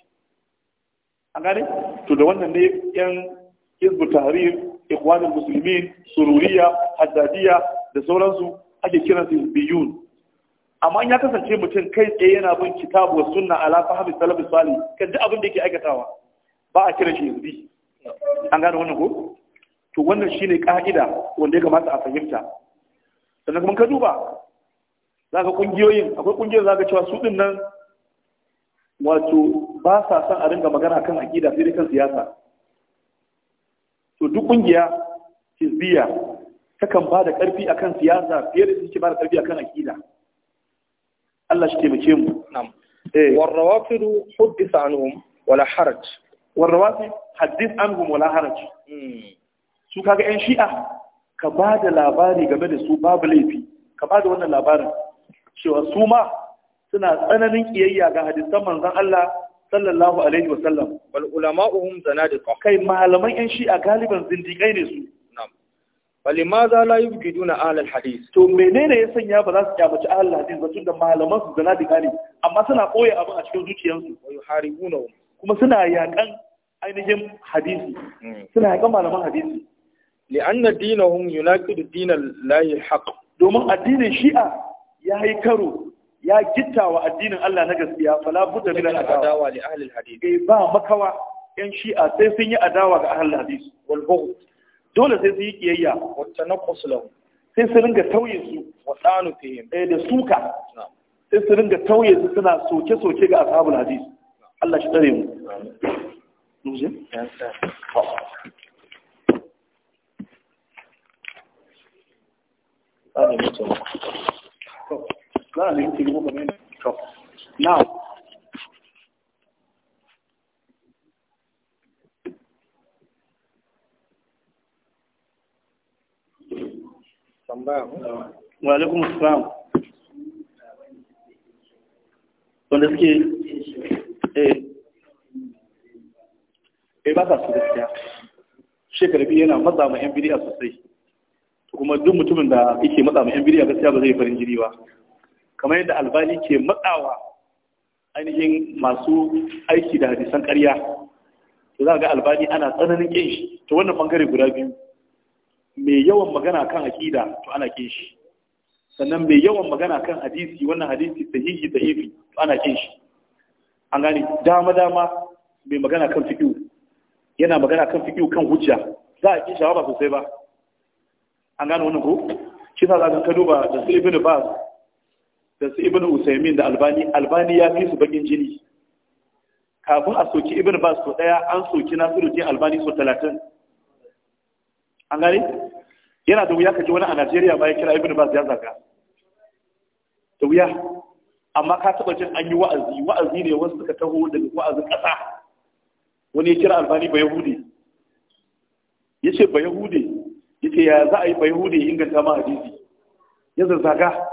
an gane to da wannan ne yan hizbu tahrir ikhwanul muslimin sururiya haddadiya da sauransu ake kiran su biyun amma ya kasance mutum kai tsaye yana bin kitabu wa sunna ala fahmi salafi salih kan duk abin da yake aikatawa ba a kiran shi hizbi an gane wannan ko to wannan shine ka'ida wanda ya kamata a fahimta sannan kuma ka duba za ka kungiyoyin akwai kungiyar za ka cewa su din nan wato ba sa son a ringa magana kan aƙida sai dai kan siyasa to duk kungiya hizbiya kan ba da ƙarfi kan siyasa fiye da suke ba da ƙarfi kan aƙida Allah shi mace mu na'am eh warrawafidu anhum wala haraj warrawafid hadis anhum wala haraj hmm. su kaga yan shi'a ka ba da labari game da su babu laifi ka ba da wannan labarin cewa su ma suna tsananin kiyayya ga hadisan manzon Allah sallallahu alaihi wasallam bal ulama'uhum zanadiqa kai malaman yan shi'a galiban zindiƙai ne su na'am falimaza la yubghiduna ahlal hadith to menene ya sanya ba za su kyamaci ahlal hadith ba da malaman su zanadiqa ne amma suna koya abu a cikin zuciyarsu wa yuharibuna kuma suna yakan ainihin hadisi hmm. suna yakan malaman hadisi li'anna dinahum yunaqidu dinal lahi haqq domin addinin shi'a ya yi karo ya gittawa addinin Allah na gaskiya fala budda min adawa li ahli alhadith eh ba makawa yan shi'a sai sun yi adawa ga ahli hadith wal bughd dole sai su yi kiyayya wa tanaqqus lahum sai su ringa tauye su wa tsanu fihim eh da suka sai su ringa tauye su suna soke soke ga ashabul hadis Allah shi tsare mu ne mutum za a nemi tilibu wa wanda suke eh eh ba sa su gaskiya yana maza ma yan sosai kuma duk mutumin da yake matsa ma yan bidiya gaskiya ba zai farin jini ba kamar yadda albani ke matsawa ainihin masu aiki da hadisan ƙarya to za ga albani ana tsananin kin shi to wannan bangare guda biyu mai yawan magana kan aƙida to ana kin shi sannan mai yawan magana kan hadisi wannan hadisi sahihi sahihi to ana kin shi an gane dama dama mai magana kan fiqh yana magana kan fiqh kan hujja za a kin shi ba sosai ba an gane wannan ko shi sa zaka ka duba da su ibnu baz da su ibnu usaymin da albani albani ya fi su bakin jini kafin a soki ibnu baz so daya an soki nasiruddin albani so 30 an gane yana da wuya ka ji wani a Najeriya ba ya kira ibnu baz ya zaga da wuya amma ka taba jin an yi wa'azi wa'azi ne wasu suka taho daga wa'azin ƙasa wani ya kira albani ba yahudi ya ce ba yahudi ce ya za a yi bai ya inganta ma hadisi ya zazzaga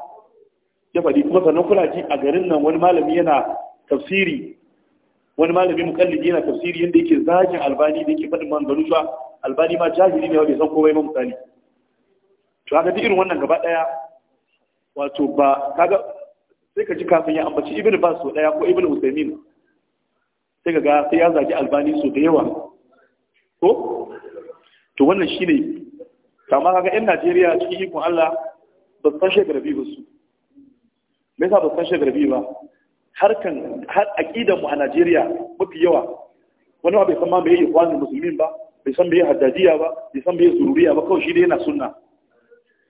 ya faɗi kuma sannan kuna ji a garin nan wani malami yana tafsiri wani malami mukallidi yana tafsiri yadda yake zagin albani da yake faɗin manzanu cewa albani ma jahili ne wanda san komai ba misali to haka duk irin wannan gaba ɗaya wato ba kaga sai ka ji kafin ya ambaci ibnu bas so ɗaya ko ibnu usaimin sai ka ga sai ya zagi albani so da yawa ko to wannan shine kama kaga yan Najeriya cikin ikon Allah ba su san shekara ba su me sa ba su san shekara biyu ba harkan har aqidan mu a Najeriya mafi yawa wani bai san ma mai yi kwanin musulmin ba bai san mai yi haddadiya ba bai san mai yi zururiya ba kawai shi dai yana sunna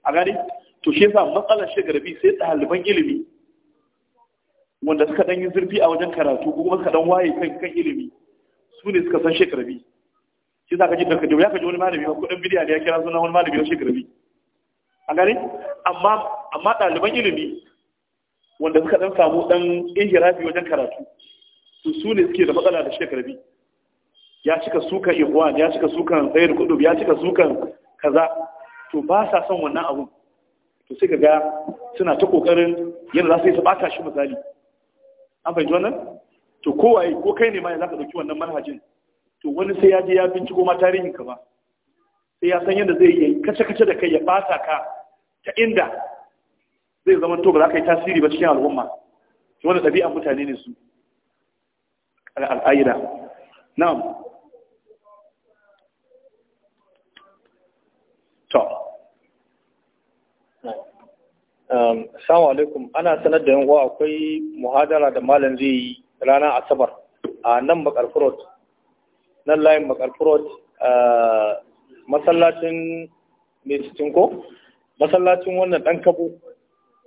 a gani to shi yasa matsalar shekara biyu sai ɗaliban ilimi wanda suka ɗan yi zurfi a wajen karatu kuma suka ɗan waye kan kan ilimi su ne suka san shekara biyu shi za ka ji daga da ka ji wani malami ko dan bidiya ne ya kira sunan wani malami ya shekarabi an gane amma amma ɗaliban ilimi wanda suka dan samu dan ihirafi wajen karatu su su ne suke da matsala da shekarabi ya cika sukan ihwan ya cika sukan tsayar kudub ya cika sukan kaza to ba sa son wannan abun to sai ka ga suna ta kokarin yadda za su yi su bata shi misali an fahimci wannan to kowaye ko kai ne ma ya za ka ɗauki wannan manhajin to wani sai ya je ya binciko ma tarihin ka ba sai ya san yadda zai yi kace kace da kai ya bata ka ta inda zai zama to ba za ka yi tasiri ba cikin al'umma to wannan mutane ne su al'aida na'am um, Assalamu alaikum ana sanar da yan uwa akwai muhadara da malam zai yi ranar Asabar a nan Bakar Road nan layin makarfurot masallacin mai ko masallacin wannan ɗan kabo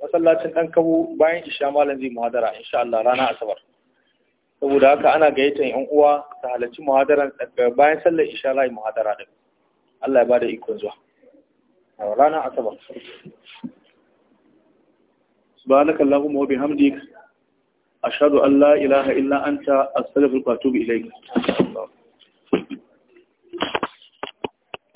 masallacin ɗan kabo bayan isha malam zai muhadara insha Allah rana asabar saboda haka ana gayyatar yan uwa ta halarci muhadaran bayan sallar isha layi muhadara din Allah ya bada ikon zuwa rana asabar subhanaka allahumma wa bihamdik ashhadu an la ilaha illa anta astaghfiruka wa atubu ilayk